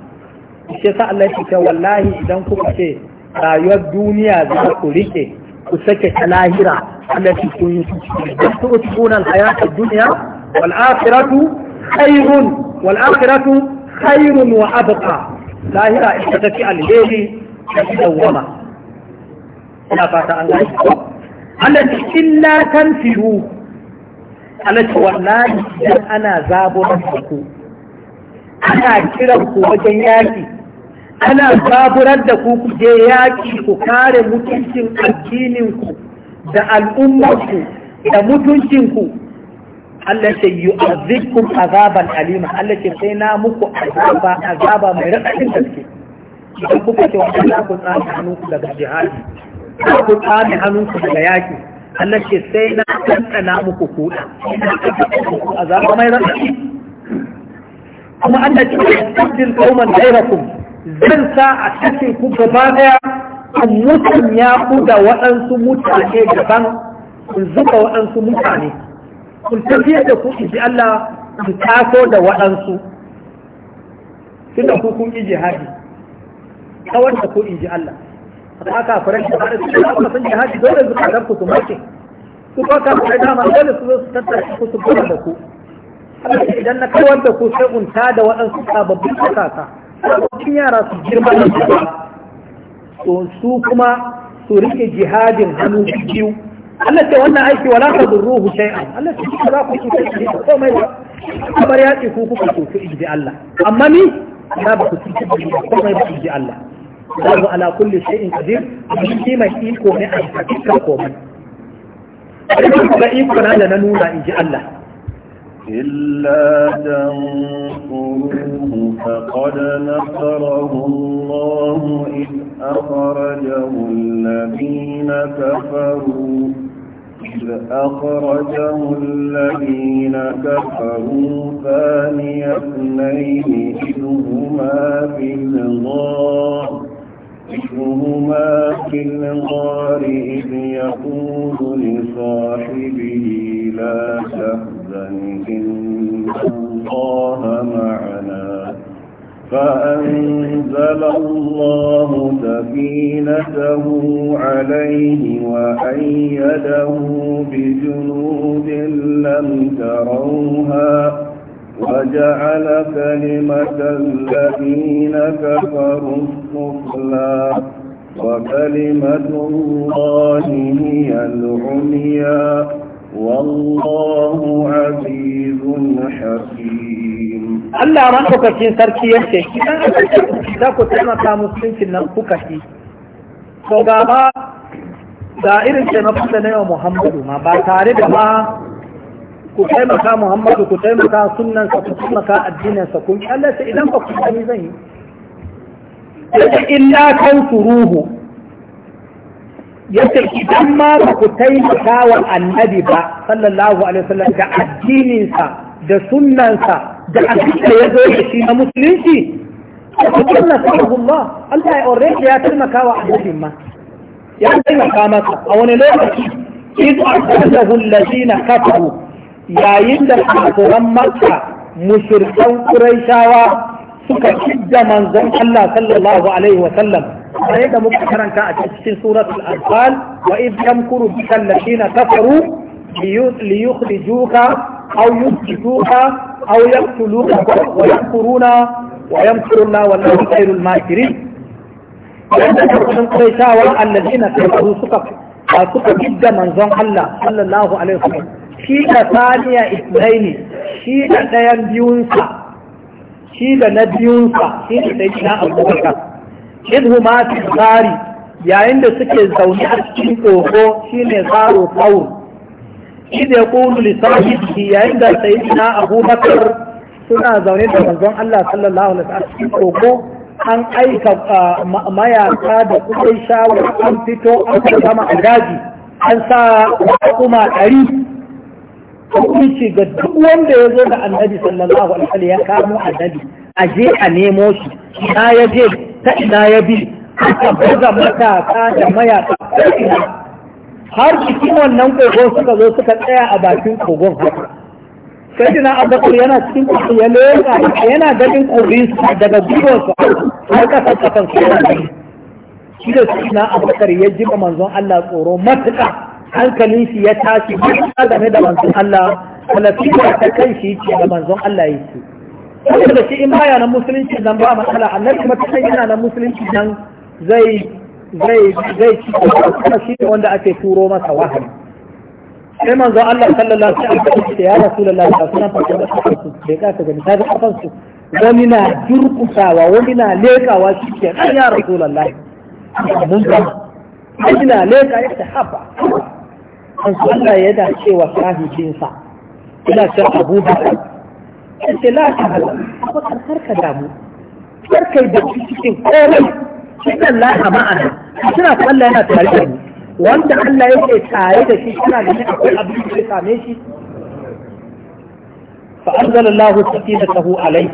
Speaker 1: shi sa Allah ya ce wallahi idan kuka ce rayuwar duniya za ku rike ku sake ta lahira allati تؤتون الحياة الدنيا والآخرة خير والآخرة خير وأبقى لا هي اشتكي الليل دوما لا فات الله التي إلا تنفروا التي والله أنا زاب ربكم أنا كرمكم وجنياتي ana zaburar da ku ku je yaƙi ku kare mutuncin addininku da al'ummarku da mutuncinku Allah ce yi azikun azaban alima Allah ce sai na muku azaba azaba mai raɗaɗin gaske idan kuka ce wani za ku tsami hannunku daga jihadi za ku tsami hannunku daga yaƙi Allah ce sai na tsantsana muku kuɗa azaba mai raɗaɗi kuma Allah ce ya tsaddin kauman gairakum zan sa a cikin ku gaba daya a mutum ya ku da waɗansu mutane daban in zuba waɗansu mutane Kun tafiye da ku ji Allah su taso da waɗansu tunda ku kun yi jihadi kawar da ku ji Allah da aka faran shi da su kuma san jihadi dole su dan ku su mace su ba ka da dama dole su zo su tattara ku su gura da ku Allah idan na kawar da ku sai unta da waɗansu sababbin kasa sabbin yara su girma da gaba to su kuma su rike jihadin hannu biyu Allah ce wannan aiki wala ka zurruhu shay'an Allah ce ba za ku ci kai da mai ba kamar ya ce ku kuka ku inji Allah amma ni na ba ku ci kai da mai ba inji Allah Allahu ala kulli shay'in qadir shi mai iko ne a cikin komai. Bari ku ga iko na da na nuna inji Allah.
Speaker 2: إلا تنصروه فقد نصره الله إذ أخرجه الذين كفروا إذ أخرجه الذين كفروا ثاني اثنين إذهما في الغار إذهما في الغار إذ يقول لصاحبه لا تهزن عزيزا إن الله معنا فأنزل الله سكينته عليه وأيده بجنود لم تروها وجعل كلمة الذين كفروا السفلى وكلمة الله هي العليا والله عزيز حكيم
Speaker 1: الله ربك كين سركي يشي إذا كنت أنا كمسلم كنا كوكشي فقابا Muhammadu ma ba ما da ما ku taimaka Muhammadu ku taimaka sunansa ku taimaka addinansa. kun Allah sai idan ba ku sani yi
Speaker 2: illa kan ruhu
Speaker 1: yace idan ma ba ku taimaka wa annabi ba sallallahu alaihi wasallam da addininsa da sunnansa da abin da ya zo da shi na musulunci Ku sunna sallallahu Allah ya already ya taimaka wa annabin ma ya taimaka masa a wani lokaci id arsalahu allazina kafaru yayin da kafiran makka mushrikan quraishawa suka kidda manzon Allah sallallahu alaihi wasallam فهذا مبكرا في سورة الأنفال وإذ يمكر بك الذين كفروا ليخرجوك أو يسجدوك أو يقتلوك ويمكرون ويمكرون والله خير الماكرين الذين كفروا سقف سقف جدا من ظن الله صلى الله عليه وسلم شيء ثانية اثنين شيء ثانية بيونسا شيء ثانية بيونسا شيء ثانية أبو idhu ma fi tsari yayin da suke zaune a cikin ƙoƙo shine tsaro qaul idh yaqulu li sahibihi yayin da sayyidina abubakar suna zaune da manzon Allah sallallahu alaihi wasallam cikin ƙoƙo an aika mayaka da kudin shawar an fito an kama a an sa kuma ɗari hukunci ga duk wanda ya zo da annabi sallallahu alaihi ya kamo annabi a je a nemo shi na yaje. ta ina ya bi aka buga matasa da mayaka har cikin wannan kogon suka zo suka tsaya a bakin kogon haka sai na abubakar yana cikin kogon ya leka yana ganin kogin daga gwiwarsa har kasar kasan su yana shi da su na abubakar ya ji ma manzon Allah tsoro matuƙa hankalin shi ya tashi matuƙa game da manzon Allah wala ta kan shi ce da manzon Allah yake. wanda da shi in baya na musulunci nan ba matsala annabi kuma ta yana na musulunci nan zai zai zai ci kuma shi ne wanda ake turo masa wahayi sai manzo Allah sallallahu alaihi wasallam ya rasulullahi sallallahu alaihi wasallam da ka ga ta ga kafan su wani na durkusawa wani na lekawa shi ke dan ya mun ga
Speaker 2: wani na leka
Speaker 1: ya ta haba an Allah ya cewa wa shahidinsa ina cewa Abu ce la ta hala abakar karka damu karka da bacci cikin komai cikin la ma'ana suna ta Allah yana tare da mu wanda Allah yake tare da shi suna da ganin akwai abin da ya same shi fa anzala Allah sakinatahu alai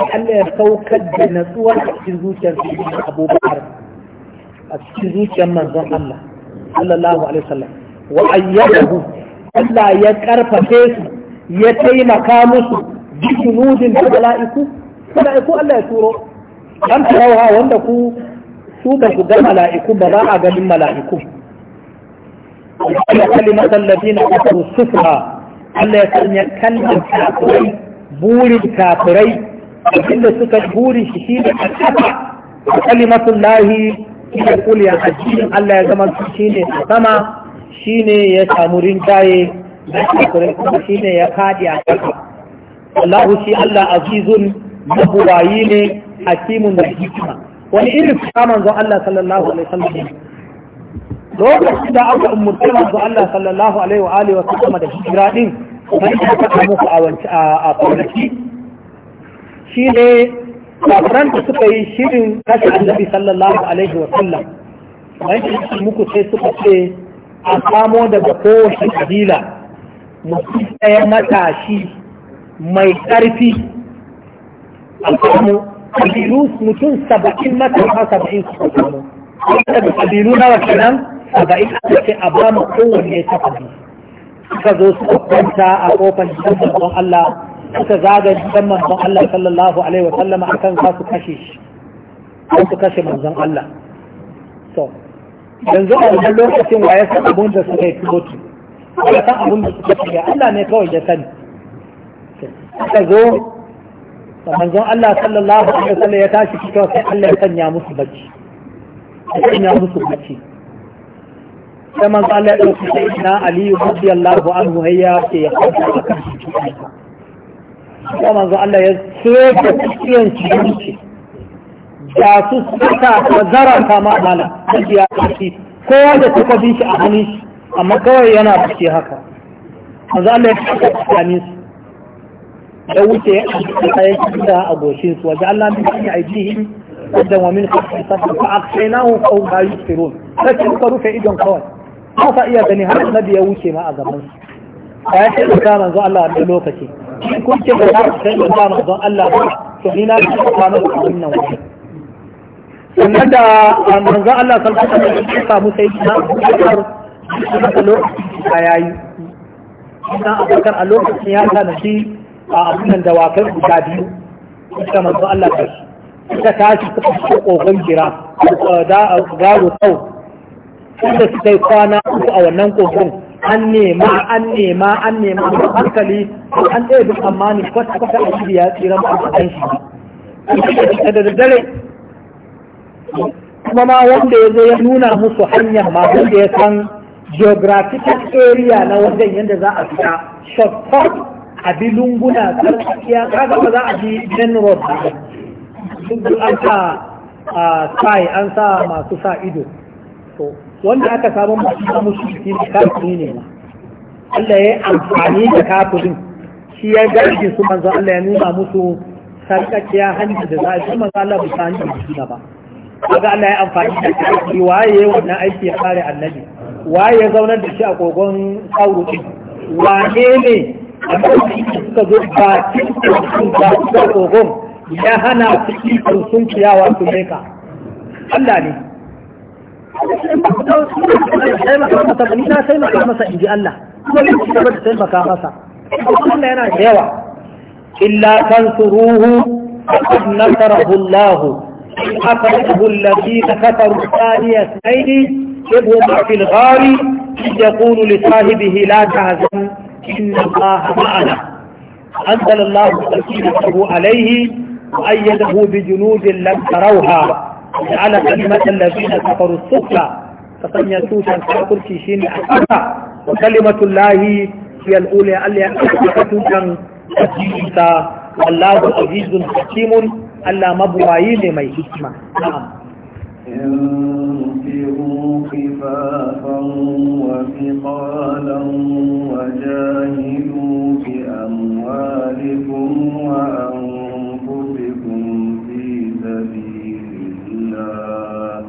Speaker 1: Allah ya saukar da natsuwa a cikin zuciyar sayyidina Abubakar a cikin zuciyar manzon Allah sallallahu alaihi wasallam wa ayyadahu Allah ya karfafe su ya taimaka musu bi junudin da mala'iku mala'iku Allah ya turo dan tarawa wanda ku su ba ku ga mala'iku ba za a ganin mala'iku Allah kalimatan ladina kafaru sufra Allah ya sanya kalmar kafirai burin kafirai abinda suka burin shi shi ne a kafa kalimatun lahi shine kuliya addinin Allah ya zama shine a sama ne ya samu rinjaye da kafirai kuma ne ya fadi a kafa wallahu shi Allah azizun mabuwayi ne hakimun da hikima wani irin fita manzon Allah sallallahu alaihi wasallam lokacin da aka umurta manzon Allah sallallahu alaihi wa alihi wasallam da hijira din sai ka ta muku a wanci a kwanaki ne kafiran da suka yi shirin kashe annabi sallallahu alaihi wa wasallam sai ka muku sai suka ce a samo daga kowace kabila mutum ɗaya matashi mai ƙarfi a samu ƙabilu mutum saba'in mata matasa saba'in su samu wanda da ƙabilu nawa kenan saba'in aka ce a ba mu kowanne ta ƙabi suka zo suka kwanta a kofar gidan manzon Allah suka zaga gidan mamban Allah sallallahu alaihi wa sallama akan za su kashe shi su kashe manzon Allah so yanzu a wannan lokacin waye san abin da suka yi fito ya san abin da suka yi Allah ne kawai ya sani aka zo da manzon Allah sallallahu alaihi wasallam ya tashi fito sai Allah ya sanya musu bacci ya sanya musu bacci sai manzon Allah ya dauki sai na Ali radiyallahu anhu hayya ke ya fada akan shi
Speaker 3: sai
Speaker 1: manzo Allah ya soke cikin shi da su suka wazara kama malam sai ya tashi kowa da suka bi shi a hannu, amma kawai yana fice haka manzon Allah ya tsaya tsakanin su ya wuce a kayan kisa a goshin su wajen Allah min kan aijihim wajen wa min kafin safa fa aqsainahu qaw yi yusirun sai suka rufe idon kawai ba sa iya gani har annabi ya wuce ma a gaban su ba ya sai ka manzo Allah a lokaci in kun ce ba za ku sai ka manzo Allah to ni na ka kwana a wannan wani sannan da manzo Allah sallallahu alaihi wasallam ya samu sai na Abubakar a yayi. Ina Abubakar a lokacin ya sa na shi a abinan dawakai guda biyu suka manzo Allah ta shi suka tashi suka shi kogon jira eh, da eh, garo tau inda suka yi kwana uku a wannan kogon an nema an nema an nema da hankali an ɗaya duk amma ne kwata kwata a shirya ya tsira ba a kan shi da daddare kuma ma wanda ya zo ya nuna musu hanya ma wanda ya san geographical area na wajen yadda za a fita shortcut Abi lunguna tsarkiya kaga ba za a bi nan road duk an sa a sai an sa masu sa ido to wanda aka samu masu samu shi ne kafiri ne ma Allah ya amfani da kafirin shi ya garbi su manzo Allah ya nuna musu sarkakiya hanyar da za a shi manzo Allah ba san da shi ba kaga Allah ya amfani da kafiri waye wannan aiki ya kare annabi waye ya zaunar da shi a kogon sauru din wane ne amma suka zo ba cikin ba su kogon ya hana su ikon sun ciyawa su Allah ne ni na taimaka masa in ji Allah kuma ni ci gaba da taimaka masa Allah yana da yawa illa tansuruhu faqad nasarahu Na أخرجه الذين كفروا ثاني اثنين إذ هما في الغار إذ يقول لصاحبه لا تهزن إن الله معنا أنزل الله سكينته عليه وأيده بجنود لم تروها جعل كلمة الذين كفروا السفلى فقد يسوس الكافر في شين أكثر وكلمة الله هي الأولى ألا يكون والله عزيز حكيم ألا مبوايين ما يحكمه نعم
Speaker 2: انفروا خفافا وثقالا وجاهدوا بأموالكم وأنفسكم في سبيل الله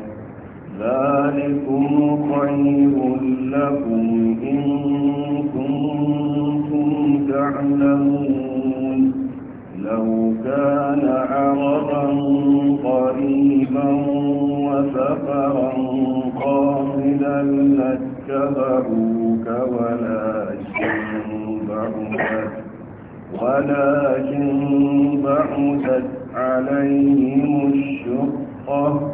Speaker 2: ذلكم خير لكم إن كنتم تعلمون أو كان عرضا قريبا وسفرا قاصدا لاتبعوك ولكن بعدت ولكن بعدت عليهم الشقة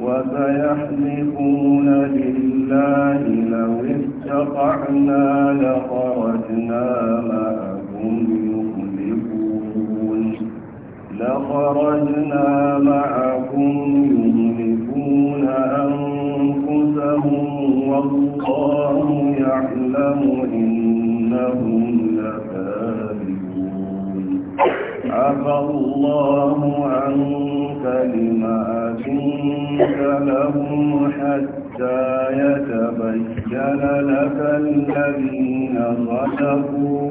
Speaker 2: وسيحلفون لله لو اتقعنا لخرجنا معكم لخرجنا معكم يهلكون أنفسهم والله يعلم إنهم لكاذبون عفى الله عنك لما كنت لهم حتى يتبين لك الذين صدقوا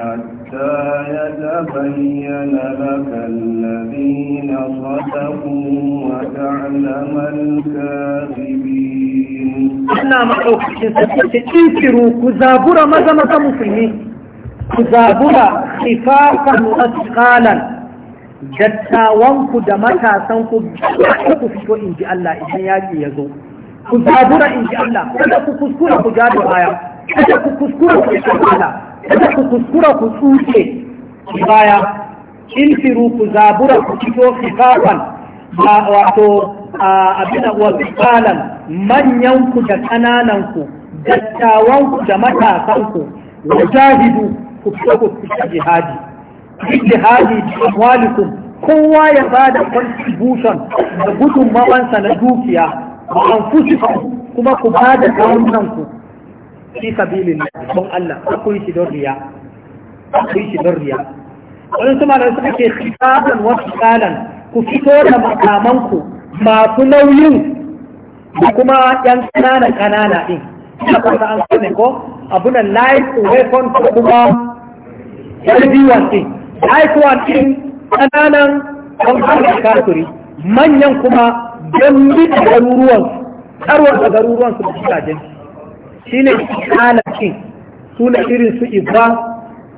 Speaker 2: حتى يتبين لك الذين صدقوا وتعلم الكاذبين أنا معروف انفروا كذابرة ماذا ماذا
Speaker 1: مسلمين كذابرة خفافا وأثقالا dattawanku da matasanku da ku fito in ji Allah idan yaƙi ya zo ku zabura in ji Allah kada ku kuskura ku ja da baya kada ku kuskura ku shakala kada ku kuskura ku tsuke baya infiru ku zabura ku fito kifafan wato abin wa kalan manyan ku da kananan ku dattawan ku da matasan ku wa jahidu ku fito ku jihadi jihadi bi amwalikum kowa ya ba da contribution da gudunmawansa na dukiya wa anfusikum kuma ku bada kawunan ku fi sabilin don Allah ku yi shi don riya ku yi shi don riya wani su malar suka ce khitaban wasu khitalan ku fito da makamanku masu nauyin da kuma yan kanana kanana din ina kuma an sani ko abunan light weapon ko kuma lb1 din light one din kananan
Speaker 2: kamfanin kafiri
Speaker 1: manyan kuma don bi da garuruwansu karwar da garuruwansu da gidajensu shi ne halacin su na irin su ibba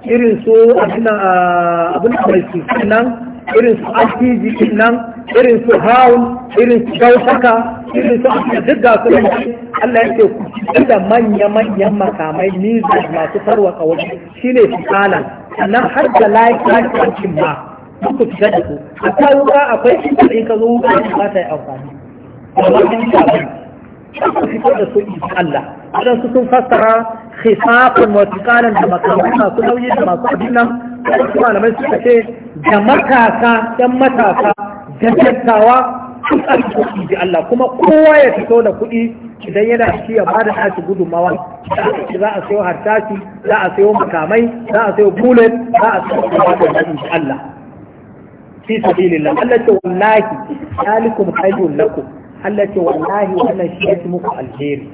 Speaker 1: irin su abin ah, da mai su nan irin su asiji nan irin su haun irin su gautaka irin su abin duk ga su ne Allah yake ku da manya manya makamai nizu masu tarwa kawai shi ne su halan nan har da lafiya ba ku fita da ku a kawo akwai inda in ka zo ba ta yi amfani. aka fito da su insha Allah wadansu sun fassara khisafun wa tiqalan da makamai masu nauyi da masu abin nan wasu malamai suka ce da matasa yan matasa da dattawa sun ƙarfi kuɗi da Allah kuma kowa ya fito da kuɗi idan yana shi ya bada tashi gudunmawa za a sayo harsashi za a sayo makamai za a sayo bullet za a sayo kuma da insha Allah fi sabilillah Allah ce wallahi alikum khayrun lakum Allah ce wallahi wannan shi ya muku alheri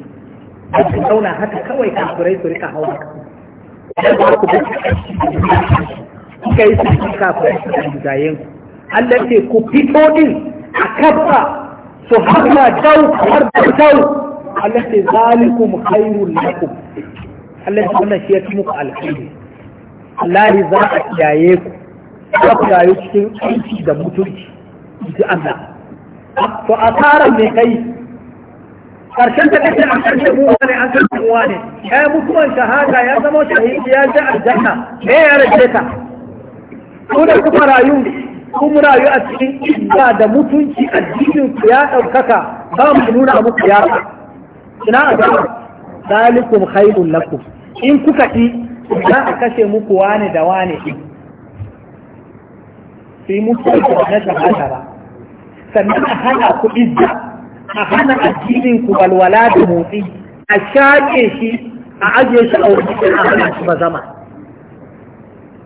Speaker 1: a cikin zauna haka kawai kafirai su rika hawa da ba ku shi ka yi su kafirai su da ku. Allah ce ku fito din a kafa su harba dau har da dau Allah ce mu kairu laku. Allah ce wannan shi ya fi muku alheri wallahi za a kiyaye ku za ku rayu cikin aiki da mutunci ji Allah to asarar mai kai karshen ta kace a karshe mu wani an karshe uwa ne. ya mutuwan shahada ya zama shahidi ya ji aljanna me ya rage ka ko da kuma rayu kun rayu a cikin ibba da mutunci addinin ku ya ɗaukaka ba mu nuna muku ya ka ina a gaba dalikum khairun lakum in kuka ci za a kashe muku wane da wane sai mutuwa na shahada ba sannan a hana ku izza a hana addinin ku walwala da motsi a shaƙe shi a ajiye shi a wani a hana shi ba zama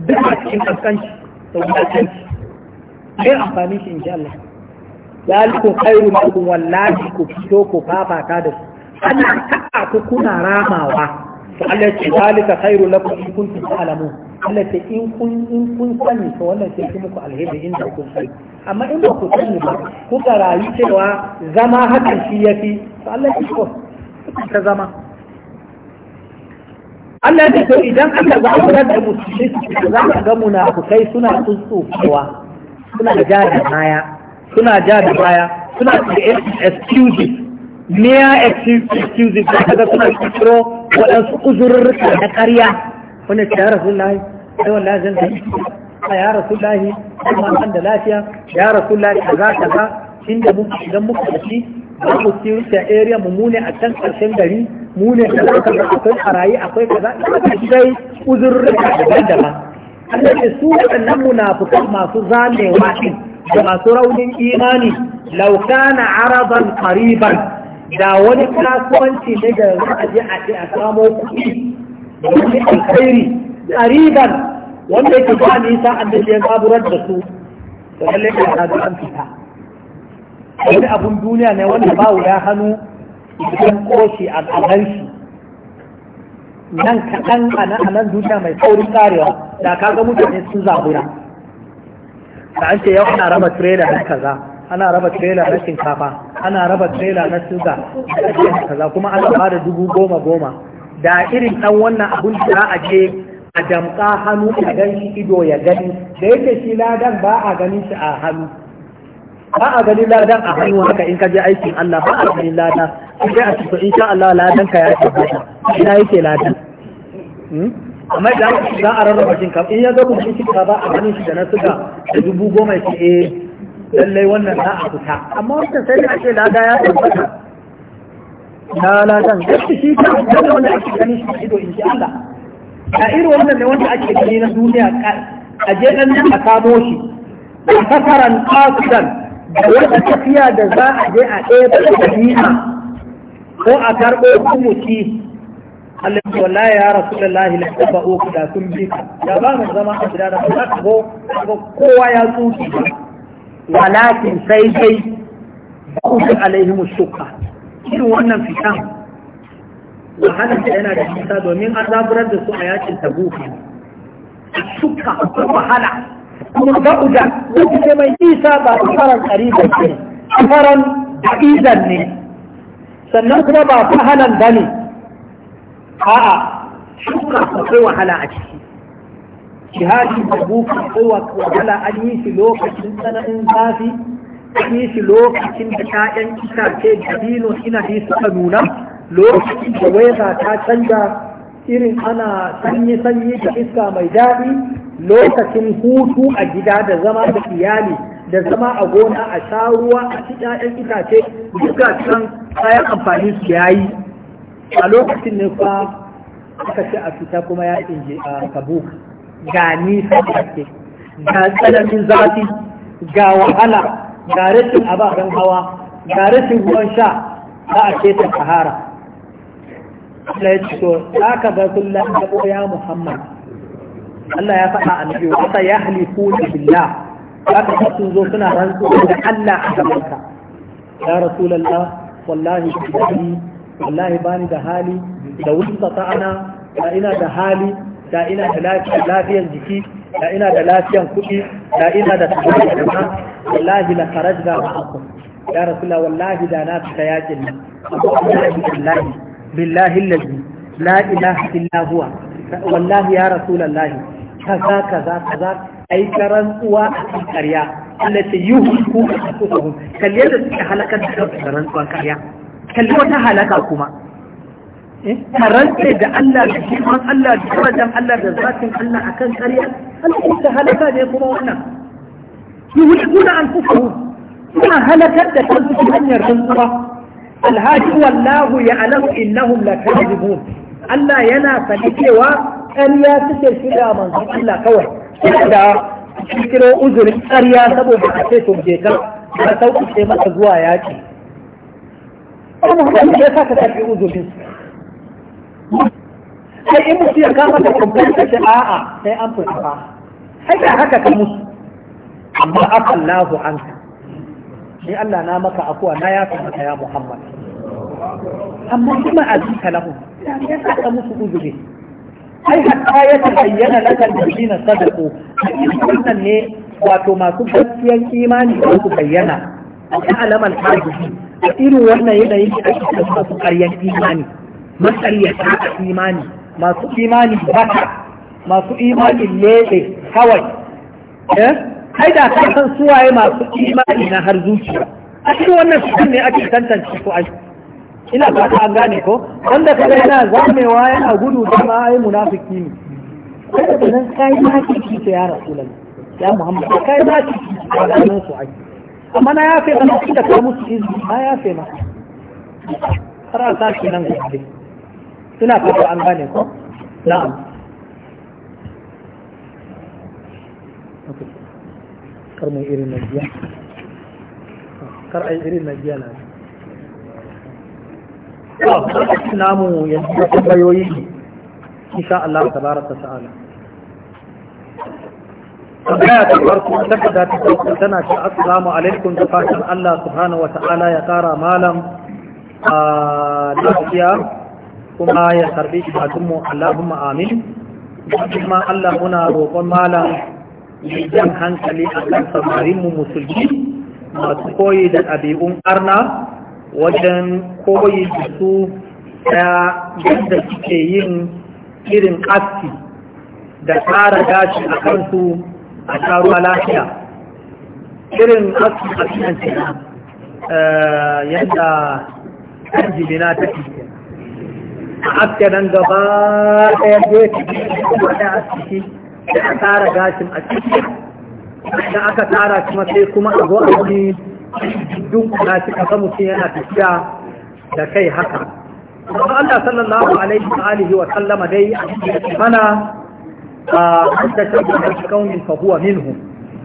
Speaker 1: duk a cikin ƙasƙanci da wadatanci ɗaya amfani shi in ji Allah ya liku kairu ku, kun wallahi ku fito ku fafata da su ana ta'a ku kuna ramawa to Allah ya ce zalika khairu lakum in kuntum ta'lamun Allah ce in kun in kun sani to wannan ce ki muku alheri in da kun sani amma in ba ku sani ba Ku karayi cewa zama hakan shi yafi to Allah ya ce oh, ko ta zama Allah ya ce idan aka ga aurar da musulmi za ka ga munafukai suna tsotsowa suna ja da baya suna ja da baya suna da excuses mere excuses da kaga suna kusuro waɗansu uzurruka da ƙarya Wani ta yara sun lahi sai wallahi zan zai a yara sun lahi kuma an da lafiya yara sun lahi a za ka za inda muka idan muka tafi za mu ci wuce area mu mune a can ƙarshen gari mune da za ka ga akwai ɓarayi akwai kaza ina ka shi dai uzurrurka daban-daban Allah ce su waɗannan munafukan masu zamewa ɗin da masu raunin imani laukana araban ƙariban da wani kasuwanci ne da a a ce a samo kuɗi da wani alkhairi ƙariban wanda yake ba nisa an da ya zaburar da su da lalle ka da an fita wani abun duniya ne wanda ba ya hannu idan koshi a gaban shi nan kaɗan a nan duniya mai saurin tsarewa da kaga mutane sun zabura ka an ce yau ana raba tire da kaza ana raba trailer na shinkafa ana raba trailer na suga da kaza kuma ana ba da dubu goma goma da irin dan wannan abun da za a je a damka hannu a gan shi ido ya gani da yake shi ladan ba a ganin shi a hannu ba a ganin ladan a hannu haka in ka je aikin Allah ba a ganin ladan sai a cikin insha Allah ladan ka ya tabbata ina yake ladan hmm? amma idan za a rarraba shinkafa in ya ga kuma shinkafa a ganin shi da na suga da dubu goma shi eh lallai wannan za a fita amma wata sai da ake lada ya tabbata na ladan gaske shi ta wanda wanda ake gani shi ido in ji Allah da irin wannan ne wanda ake gani na duniya a je dan nan a kamo shi da fasaran qasidan da wata tafiya da za a je a ɗaya da jami'a ko a karɓo kumuci Allah wallahi ya Rasulullahi la tabba uku da sun bi ka da ba mu zama a gida da ka ko kowa ya tsuki walakin sai dai ba'udin alaihim shukka irin wannan fitan wahalar da yana da nisa domin an zaburar da su a yakin tabuka shukka akwai wahala kuma ba'uda wata ce mai nisa ba a faran da ce a faran da'izan ne sannan kuma ba wahalan ba ne a'a shukka akwai wahala a ciki jihadin tabuka ko wahala an yi shi lokacin tsananin zafi an yi shi lokacin da ta'yan itace da dino ina yi suka nuna lokacin da waiza ta canza irin ana sanyi-sanyi da iska mai daɗi lokacin hutu a gida da zama da iyali da zama a gona a sha ruwa a ci ƴaƴan itace duka can kayan amfani su ya yi a lokacin ne fa aka ce a fita kuma ya inje a kabuk ga nisan gaske ga tsananin zafi ga wahala ga rashin ababen hawa ga rashin ruwan sha za a keta sahara Allah ya ce to za ka ga kullum da ya Muhammad Allah ya faɗa a nabi wata ya halifu da billa za ka ga sun zo suna rantsuwa da Allah a gabanka ya rasulallah wallahi wallahi bani da hali da wuce ta'ana ina da hali da ina da lafiyan jiki da ina da lafiyan kuɗi da ina da tafiya da ma wallahi la kharajna ma'akum ya rasulullah wallahi da na fita yakin nan wallahi billahi billahi allazi la ilaha illa huwa wallahi ya rasulullah kaza kaza kaza ai karan uwa a cikin ƙarya allati yuhku anfusahum kalle da suka halakar da karan uwa ƙarya kalle wata halaka kuma ka rantse da Allah da kiman Allah da darajan Allah da zatin Allah akan ƙarya Allah ta halaka ne kuma wannan yuhlikuna anfusahum suna halakar da kansu ta hanyar rantsuwa alhaji wallahu ya'lamu innahum lakadibun Allah yana faɗi cewa ƙarya suke shiga manzon Allah kawai da kiro uzurin ƙarya saboda a ce to je ka ka sauƙi masa zuwa yaƙi. Kuma ya sa ka karɓi uzurin sai in mutu ya kama da kumfan kashe a'a sai an fi fa sai da haka ka musu amma an anka ni Allah na maka afuwa na yafa maka ya Muhammad amma kuma azika lahu ya saka musu uzuri ai hatta ya tabayyana laka alladina sadaqu wannan ne wato masu gaskiyar imani da su bayyana a alamar hajji irin wannan yanayin da ake masu karyar imani matsaryata a imani masu imani baka masu imani lebe kawai kai eh? da ka san suwaye masu imani na har zuciya a cikin wannan shi ne ake tantance su ai ina ba ta an gane ko wanda kaga yana zamewa yana gudu da ma ai munafiki ne kai da nan kai ma ki ki ya rasulullahi ya muhammad kai ma ki ki da nan su ai amma na yafe kana da ka musu izini na yafe ma har a shi nan gobe ina fata an gane ko na'am kar irin na biya kar ai irin na biya na namu yanzu da insha Allah tabaraka ta'ala tambaya ta farko ta ta farko tana ce assalamu alaikum da fatan Allah subhanahu wa ta'ala ya kara malam a ah, lafiya kuma ya karbi ibatunmu Allahumma amin kuma Allah muna roƙon malam jan hankali a kan samarinmu musulmi masu koyi da ɗabi'un arna wajen koyi da su ta yadda suke yin irin ƙasti da tsara gashi a kansu a taruwa lafiya irin ƙasti a cikin eh, yadda ɗan jimina ta fi haske nan gaba ɗaya gefe wata a ciki da a tara gashin a ciki da aka tara kuma sai kuma a zo a wani duk na ci kasa mutum yana tafiya da kai haka kuma Allah sallallahu alaihi wa alihi wa sallama dai mana a da take da kaunin fa huwa minhu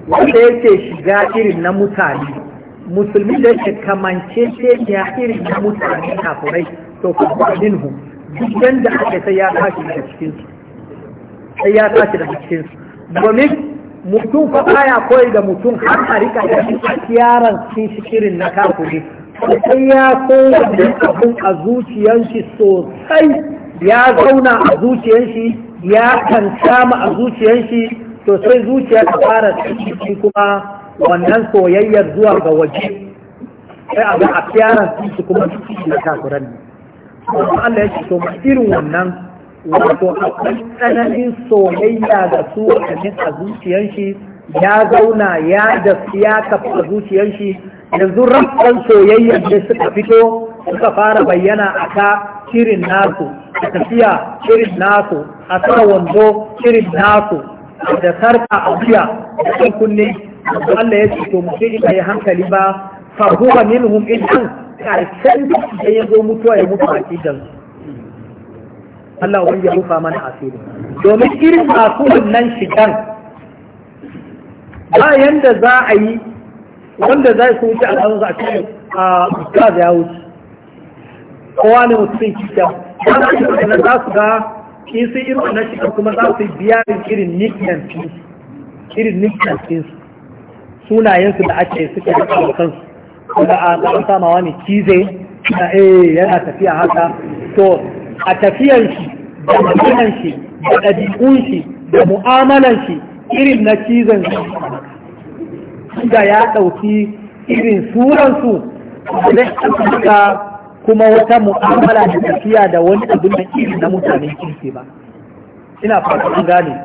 Speaker 1: wanda yake shiga irin na mutane musulmi da yake kamance ce ya irin na mutane kafurai to fa huwa minhu duk da aka sai ya tashi daga cikin su sai ya tashi daga cikin su domin mutum fa baya koyi da mutum har a rika shi a kiyaran cikin shirin na kafuri sai ya kowa da abun a zuciyar shi sosai ya zauna a zuciyar shi ya kankama a zuciyar shi to sai zuciya ta fara ciki kuma wannan soyayyar zuwa ga waje sai a ga a kiyaran cikin kuma na kafuran ne wato Allah ya ce to ma irin wannan wato akwai tsananin soyayya da su a zuciyar shi ya zauna ya da ya kafa zuciyar shi yanzu rafin soyayya ne suka fito suka fara bayyana a ka shirin nasu a tafiya shirin nasu a sa wando shirin nasu da sarka a wuya da ɗan kunne Allah ya ce to mutum ya hankali ba fa huwa minhum idan karshen da ya zo mutuwa ya mutu a cikin Allah wani ya rufa mana asiri domin irin masu nan shigan bayan da za a yi wanda za su wuce a kansu a cikin a da ya wuce kowa ne mutum cikin kuma za su ga in sun irin wannan shigan kuma za su yi biyarin irin nickname irin nickname sunayensu da ake suke da kansu da a samawa ne kize na eh yana tafiya haka to a tafiyar shi da maganan shi da ɗabi'un shi da mu'amalan shi irin na cizon shi da ya ɗauki irin suransu zai ɗauka kuma wata mu'amala da tafiya da wani abin da irin na mutane kirki ba ina fata an gane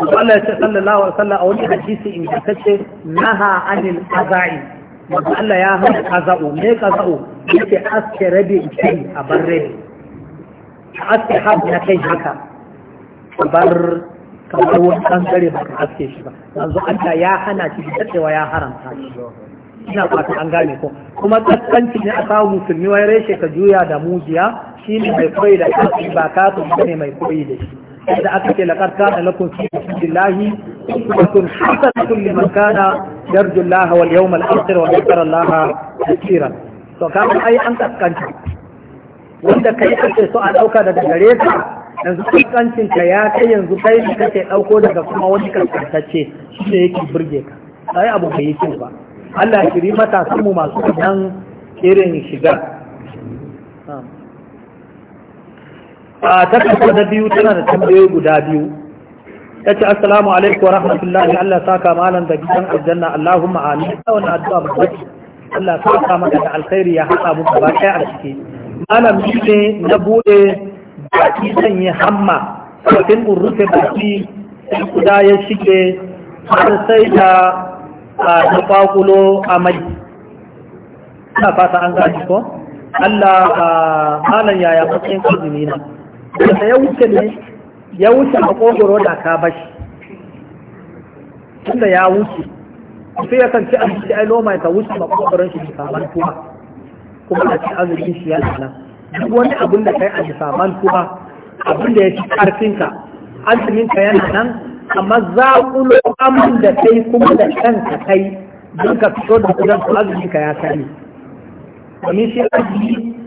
Speaker 1: Allah ya ce sallallahu alaihi wasallam a wani hadisi in kace naha anil azai manzo Allah ya za'o ne me za'o yake aske rabi kai a bar Ka aske hab na kai haka a bar kamar wani bangare ba ka aske shi ba Yanzu Allah ya hana shi da cewa ya haramta shi ina fata an gane ko kuma tsakanci ne a samu musulmi wai reshe ka juya da mujiya shi ne mai koyi da shi ba ka su ne mai koyi da shi da aka ce laqad kana lakum fi sabilillahi uswatun hasanatun liman kana yarju Allah wal yawm al akhir wa yakra Allah kathira to kamar ai an kaskanta wanda kai kake so a dauka daga gare ka yanzu kaskancin ka ya kai yanzu kai ne kake dauko daga kuma wani kaskantacce shi ne yake burge ka ai abu bai yi kyau ba Allah ya shiri mata mu masu nan irin shiga. a takarda da biyu tana da tambayoyi guda biyu ya ce assalamu alaikum wa rahmatullahi Allah saka malam da gidan aljanna Allahumma amin ta wannan addu'a ba Allah saka maka da alkhairi ya haɗa muku ba ɗaya a ciki malam ni ne na bude baki yi hamma kafin in rufe baki sai kuda ya shige har sai da na a amai ina fata an gaji ko Allah malam yaya matsayin azumi na da ya wuce ne ya wuce a makogoro da ka bashi tunda ya wuce sai ya kanci abinci ai loma ka wuce makogoron shi bisa mantuwa kuma da cikin azumin shi ya nan duk wani abin da kai a bisa mantuwa abin da ya ci karfinka azuminka yana nan amma za kulo amin da kai kuma da kanka kai don ka fito da kudan ka ya sani domin shi arziki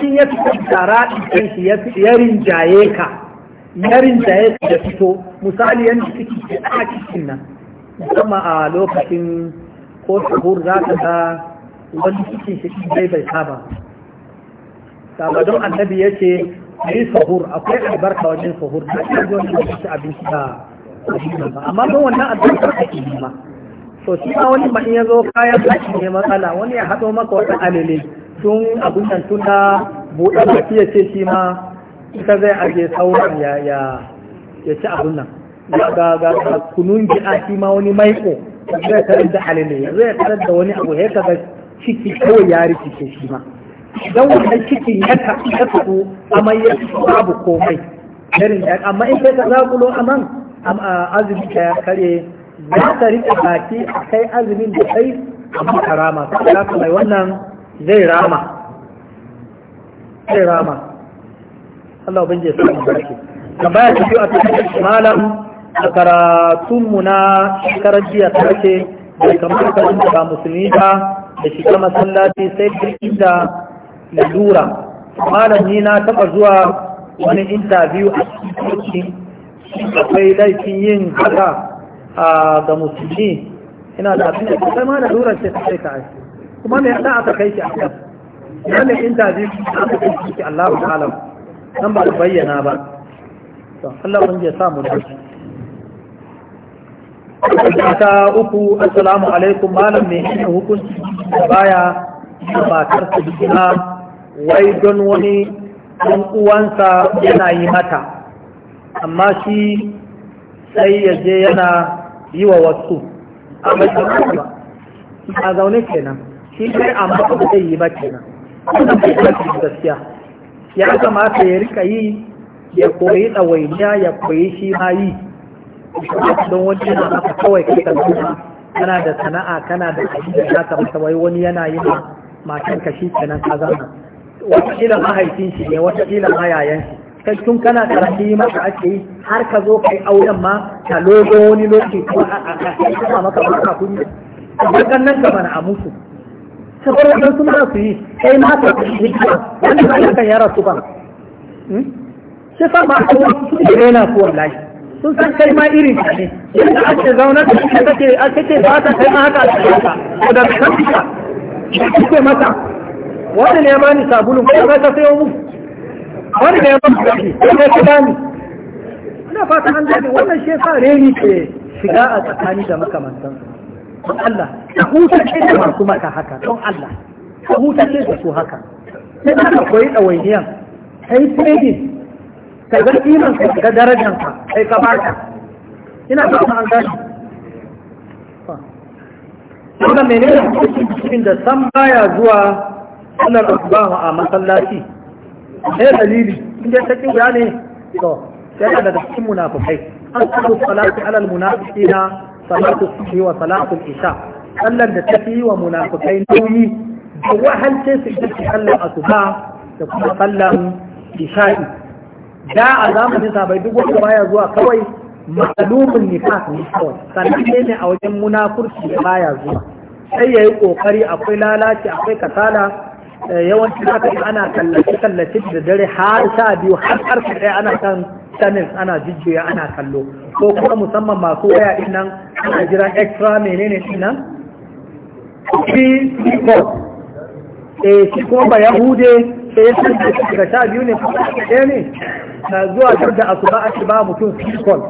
Speaker 1: shi ya fito tara ɗin ya rinjaye ka ya rinjaye ka da fito misali yadda ciki ke a cikin nan kuma a lokacin ko sahur za ka ga wani cikin shi ɗin bai saba sabadon annabi ya ce yi sahur akwai albarka wajen sahur da ake yi wani abinci abinci da ba amma don wannan albarka ta ke ba to shi ma wani ma'in ya zo kayan ne matsala wani ya haɗo maka wata alele tun abin nan tun da buɗe baki ya ce shi ma ita zai aje sauran ya ya ya ci abin nan ga ga kunun a shi ma wani maiko zai tarar da alele zai tarar da wani abu ya kaga ciki ko ya rikice shi ma idan wannan cikin ya ka ya fito amma ya babu komai irin amma in kai ka zakulo aman azumi ka ya kare za ka rike baki kai azumin da kai amma karama ka mai wannan zai rama zai rama Allah bin je sun barke tambaya baya biyu a cikin malam a karatunmu na shekarar jiya ta ce da kamar ka inda ba musulmi ba da shiga masallaci sai da inda dura malam ni na taɓa zuwa wani interview a cikin akwai laifin yin haka ga musulmi ina da abin da kai ma lalura ce ta sai ka aiki kuma mai da aka kai shi a kan ya ne tafi da aka kai shi ta alam nan ba bayyana ba to Allah mun ya samu da shi ta uku assalamu alaikum malam mai yin hukunci da baya matar su bikina wai don wani ɗan uwansa yana yi mata amma shi sai ya je yana yi wa wasu a mai a zaune kenan shi kai amma ba zai yi ba kenan wannan bai kashi gaskiya ya kamata ya rika yi ya koyi ɗawainiya ya koyi shi ma yi don wani yana haka kawai kai kalmuna kana da sana'a kana da abin da ya kamata wai wani yana yi ma matan ka shi kenan ka zama wata kila mahaifin shi ne wata kila mayayen shi kai tun kana karfi maka ake yi har ka zo kai auren ma ka logo wani lokaci kuma a a kuma maka ka kunya idan kan nan ka bana a musu saboda wannan sun ba su yi sai ma ka hikima wanda ba ka yara su ba hmm? shi fa ba a wasu su yana ku wallahi sun san kai ma irin ka ne yadda ake zauna da shi kake kake ba ta kai ma haka a ka ko da kan ka kake mata wani ne ya bani sabulu ko ba ka sayo mu wani ne ya bani sabulu ko ba ka bani ina fata an gane wannan shi reni ke shiga a tsakani da makamantansu don Allah ka hutace da masu maka haka don Allah ka da su haka sai ka koyi ɗawainiyan kai trading ka ga iman ka ga darajan ka kai ka baka ina ba an menene cikin da san baya zuwa sallar asubahu a masallaci ne dalili inda ta kin ne to sai daga cikin an alal munafiqina salatu subhi wa salatu isha sallar da tafi wa munafikai nauyi da wahalce su ita ce sallar asuba da kuma sallar isha'i da a zamanin sabai duk wanda baya zuwa kawai malumin nifaq ne kawai sannan ne a wajen munafurci da baya zuwa sai yayi kokari akwai lalaci akwai kasala eh, yawanci haka ana kallace kallace da dare har sha biyu har karfe ɗaya ana kan channels ana jijjiya ana kallo ko kuma musamman masu waya din nan ana jira extra menene din nan eh shi ko ba yahude sai ya san da sha biyu ne kuma ɗaya ne na zuwa duk da asuba a ba mutum silicon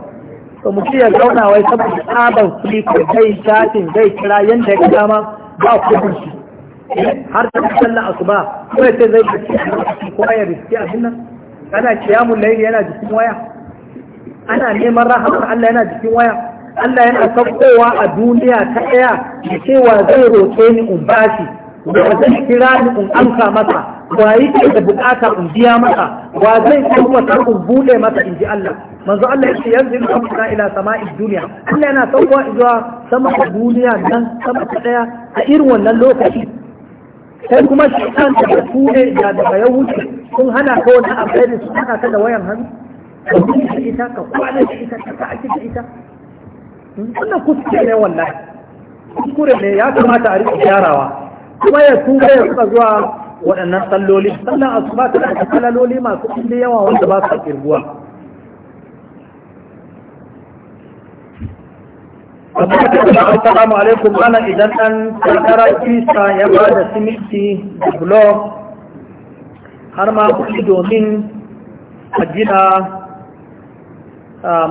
Speaker 1: to mu ya zauna wai saboda tsaban silicon zai shafin zai kira yadda ya dama ba kudin shi eh, har da sallah asuba kuma sai zai ga ko ya riski abin nan kana kiyamun laili yana jikin waya ana neman rahamar Allah yana jikin waya Allah yana saukowa a duniya ta ɗaya da cewa zai roƙe ni in bashi wa zai kira ni in amsa masa wa yake da bukata in biya masa wa zai kalmata in bude masa in ji Allah manzo Allah yake yanzu in kuma ila sama'i duniya Allah yana saukowa zuwa sama duniya nan sama ta ɗaya a irin wannan lokaci sai kuma shaitan da ku ne da daga ya wuce sun hana ka wani alheri su haka ka da wayan hannu ka gudu da ita ka kwana da ita ka ta'aki da ita wannan kuskure ne wallahi kuskure ne ya kamata a riƙa gyarawa kuma ya tuba ya suka zuwa waɗannan salloli sallan asuba ta da salloli masu inda yawa wanda ba su kirguwa Assalamu alaikum ana idan ɗan karkara kisa ya ba da siminti da blog har ma kuɗi domin a gina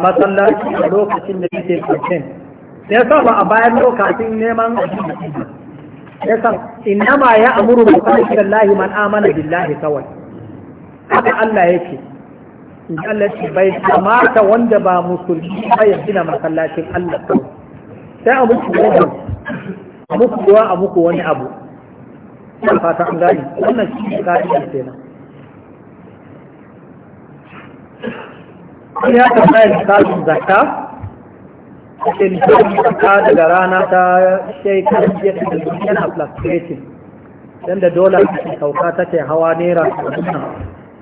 Speaker 1: masallaci a lokacin da yake kwancin. Ya sa a bayan lokacin neman abin ya sa innama ya amuru bi qadri lahi man amana billahi kawai. Haka Allah ya yake. In Allah ce bai kamata wanda ba musulmi ba ya gina masallacin Allah kawai. sai a muku wani a muku zuwa a muku wani abu ina fata an gani wannan shi ne ka'idar kenan an ya a misalin zakka ake misalin zakka daga rana ta da yadda yana fluctuating don da dola ke sauka take hawa naira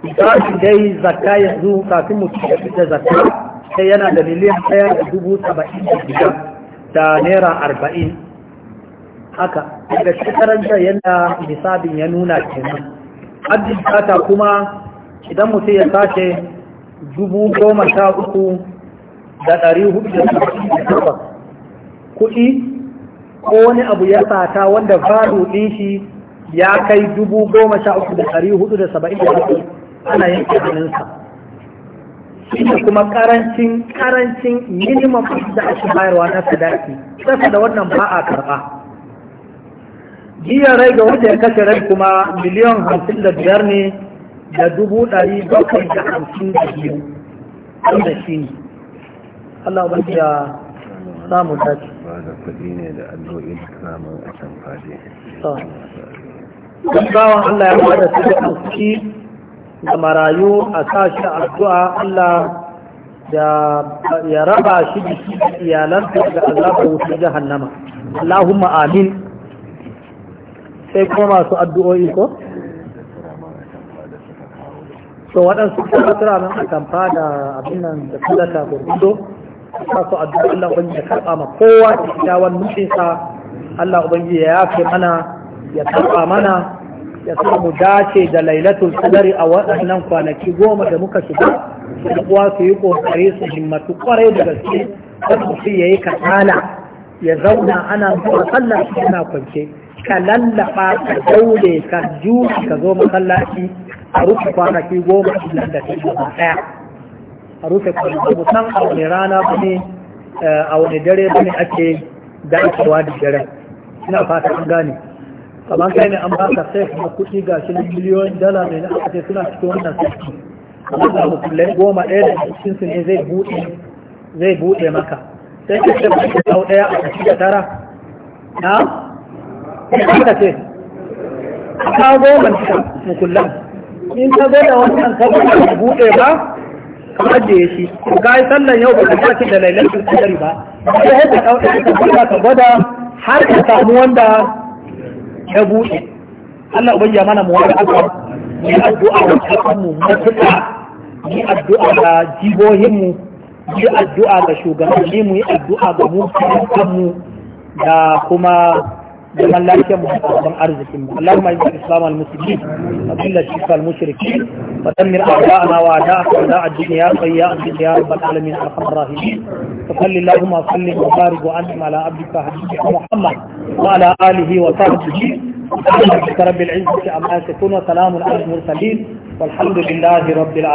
Speaker 1: misalin dai zaka yanzu kafin mutum ya da zakka sai yana da miliyan ɗaya da dubu saba'in da biyar da naira arba'in haka daga shekaranta yadda misabin ya nuna kenan abin sata kuma idan mutum ya sace dubu goma sha uku da ɗari hudu da takwas kuɗi ko wani abu ya sata wanda faru ɗin shi ya kai dubu goma sha uku da ɗari hudu da saba'in da ana yanke hannunsa shi kuma karancin karancin minimum da ake bayarwa na sadaki kasa da wannan ba a karba jiya rai ga wanda ya kashe rai kuma miliyan hamsin da biyar ne da dubu ɗari bakwai da hamsin da biyu wanda shi ne Allah wani ya samu dace
Speaker 2: ba da kudi ne da addu'o'in
Speaker 1: samun a can ba Bawan Allah ya da su da alfuki da marayu a sashi addu'a Allah ya raba shi da shi da iyalansa daga azabar wutar jahannama Allahumma amin sai kuma masu addu'o'i ko? So waɗansu kuma tura nan a kamfa da abin nan da kudata gurgudo sa su addu'a Allah wani ya karɓa ma kowa da kyawan nufinsa Allah ubangi ya yafe mana ya karɓa mana ya mu dace da lailatul qadari a waɗannan kwanaki goma da muka shiga da kuwa su yi ƙoƙari su himmatu kwarai da gaske kada su yayi katala ya zauna ana zuwa sallah yana kwance ka lallaba ka daure ka juyi ka zo masallaci a rufe kwanaki goma da da kai gaba a rufe kwanaki musan a wani rana ba ne eh, a wani dare ba ne ake da ake wa da dare ina fata an gane kamar kai ne an ka sai kuma kuɗi ga shi miliyoyin dala ne na aka suna cikin wannan sarki amma da mukullai goma ɗaya da cikin su ne zai buɗe zai buɗe maka sai ka ce ku sau ɗaya a cikin tara na aka ce ka goma ta mukullan in ka zo da wannan ka buɗe ba ka ajiye shi ka yi sallan yau ba ka tashi da lailatul qadari ba sai ka ɗauka ka ka gwada har ka samu wanda ya buɗe Allah ubangiya mana mu wani akwai
Speaker 3: yi addu'a da
Speaker 1: kasanmu matuƙa mu yi addu'a da jibohinmu mu yi addu'a ga shugabanni mu yi addu'a ga mu da kuma zaman lafiyar mu arzikin mu Allahumma inna al-islam al-muslimin wa illa shirka al-mushrikin wa dammir a'da'ana wa a'da'aka wa da'a ad-din ya qayya ad-din ya rabbal alamin arhamar rahimin wa salli Allahumma salli wa barik wa an'im ala abdika habibika Muhammad wa ala alihi wa sahbihi سبحان رب العزة عما يصفون وسلام على المرسلين والحمد لله رب العالمين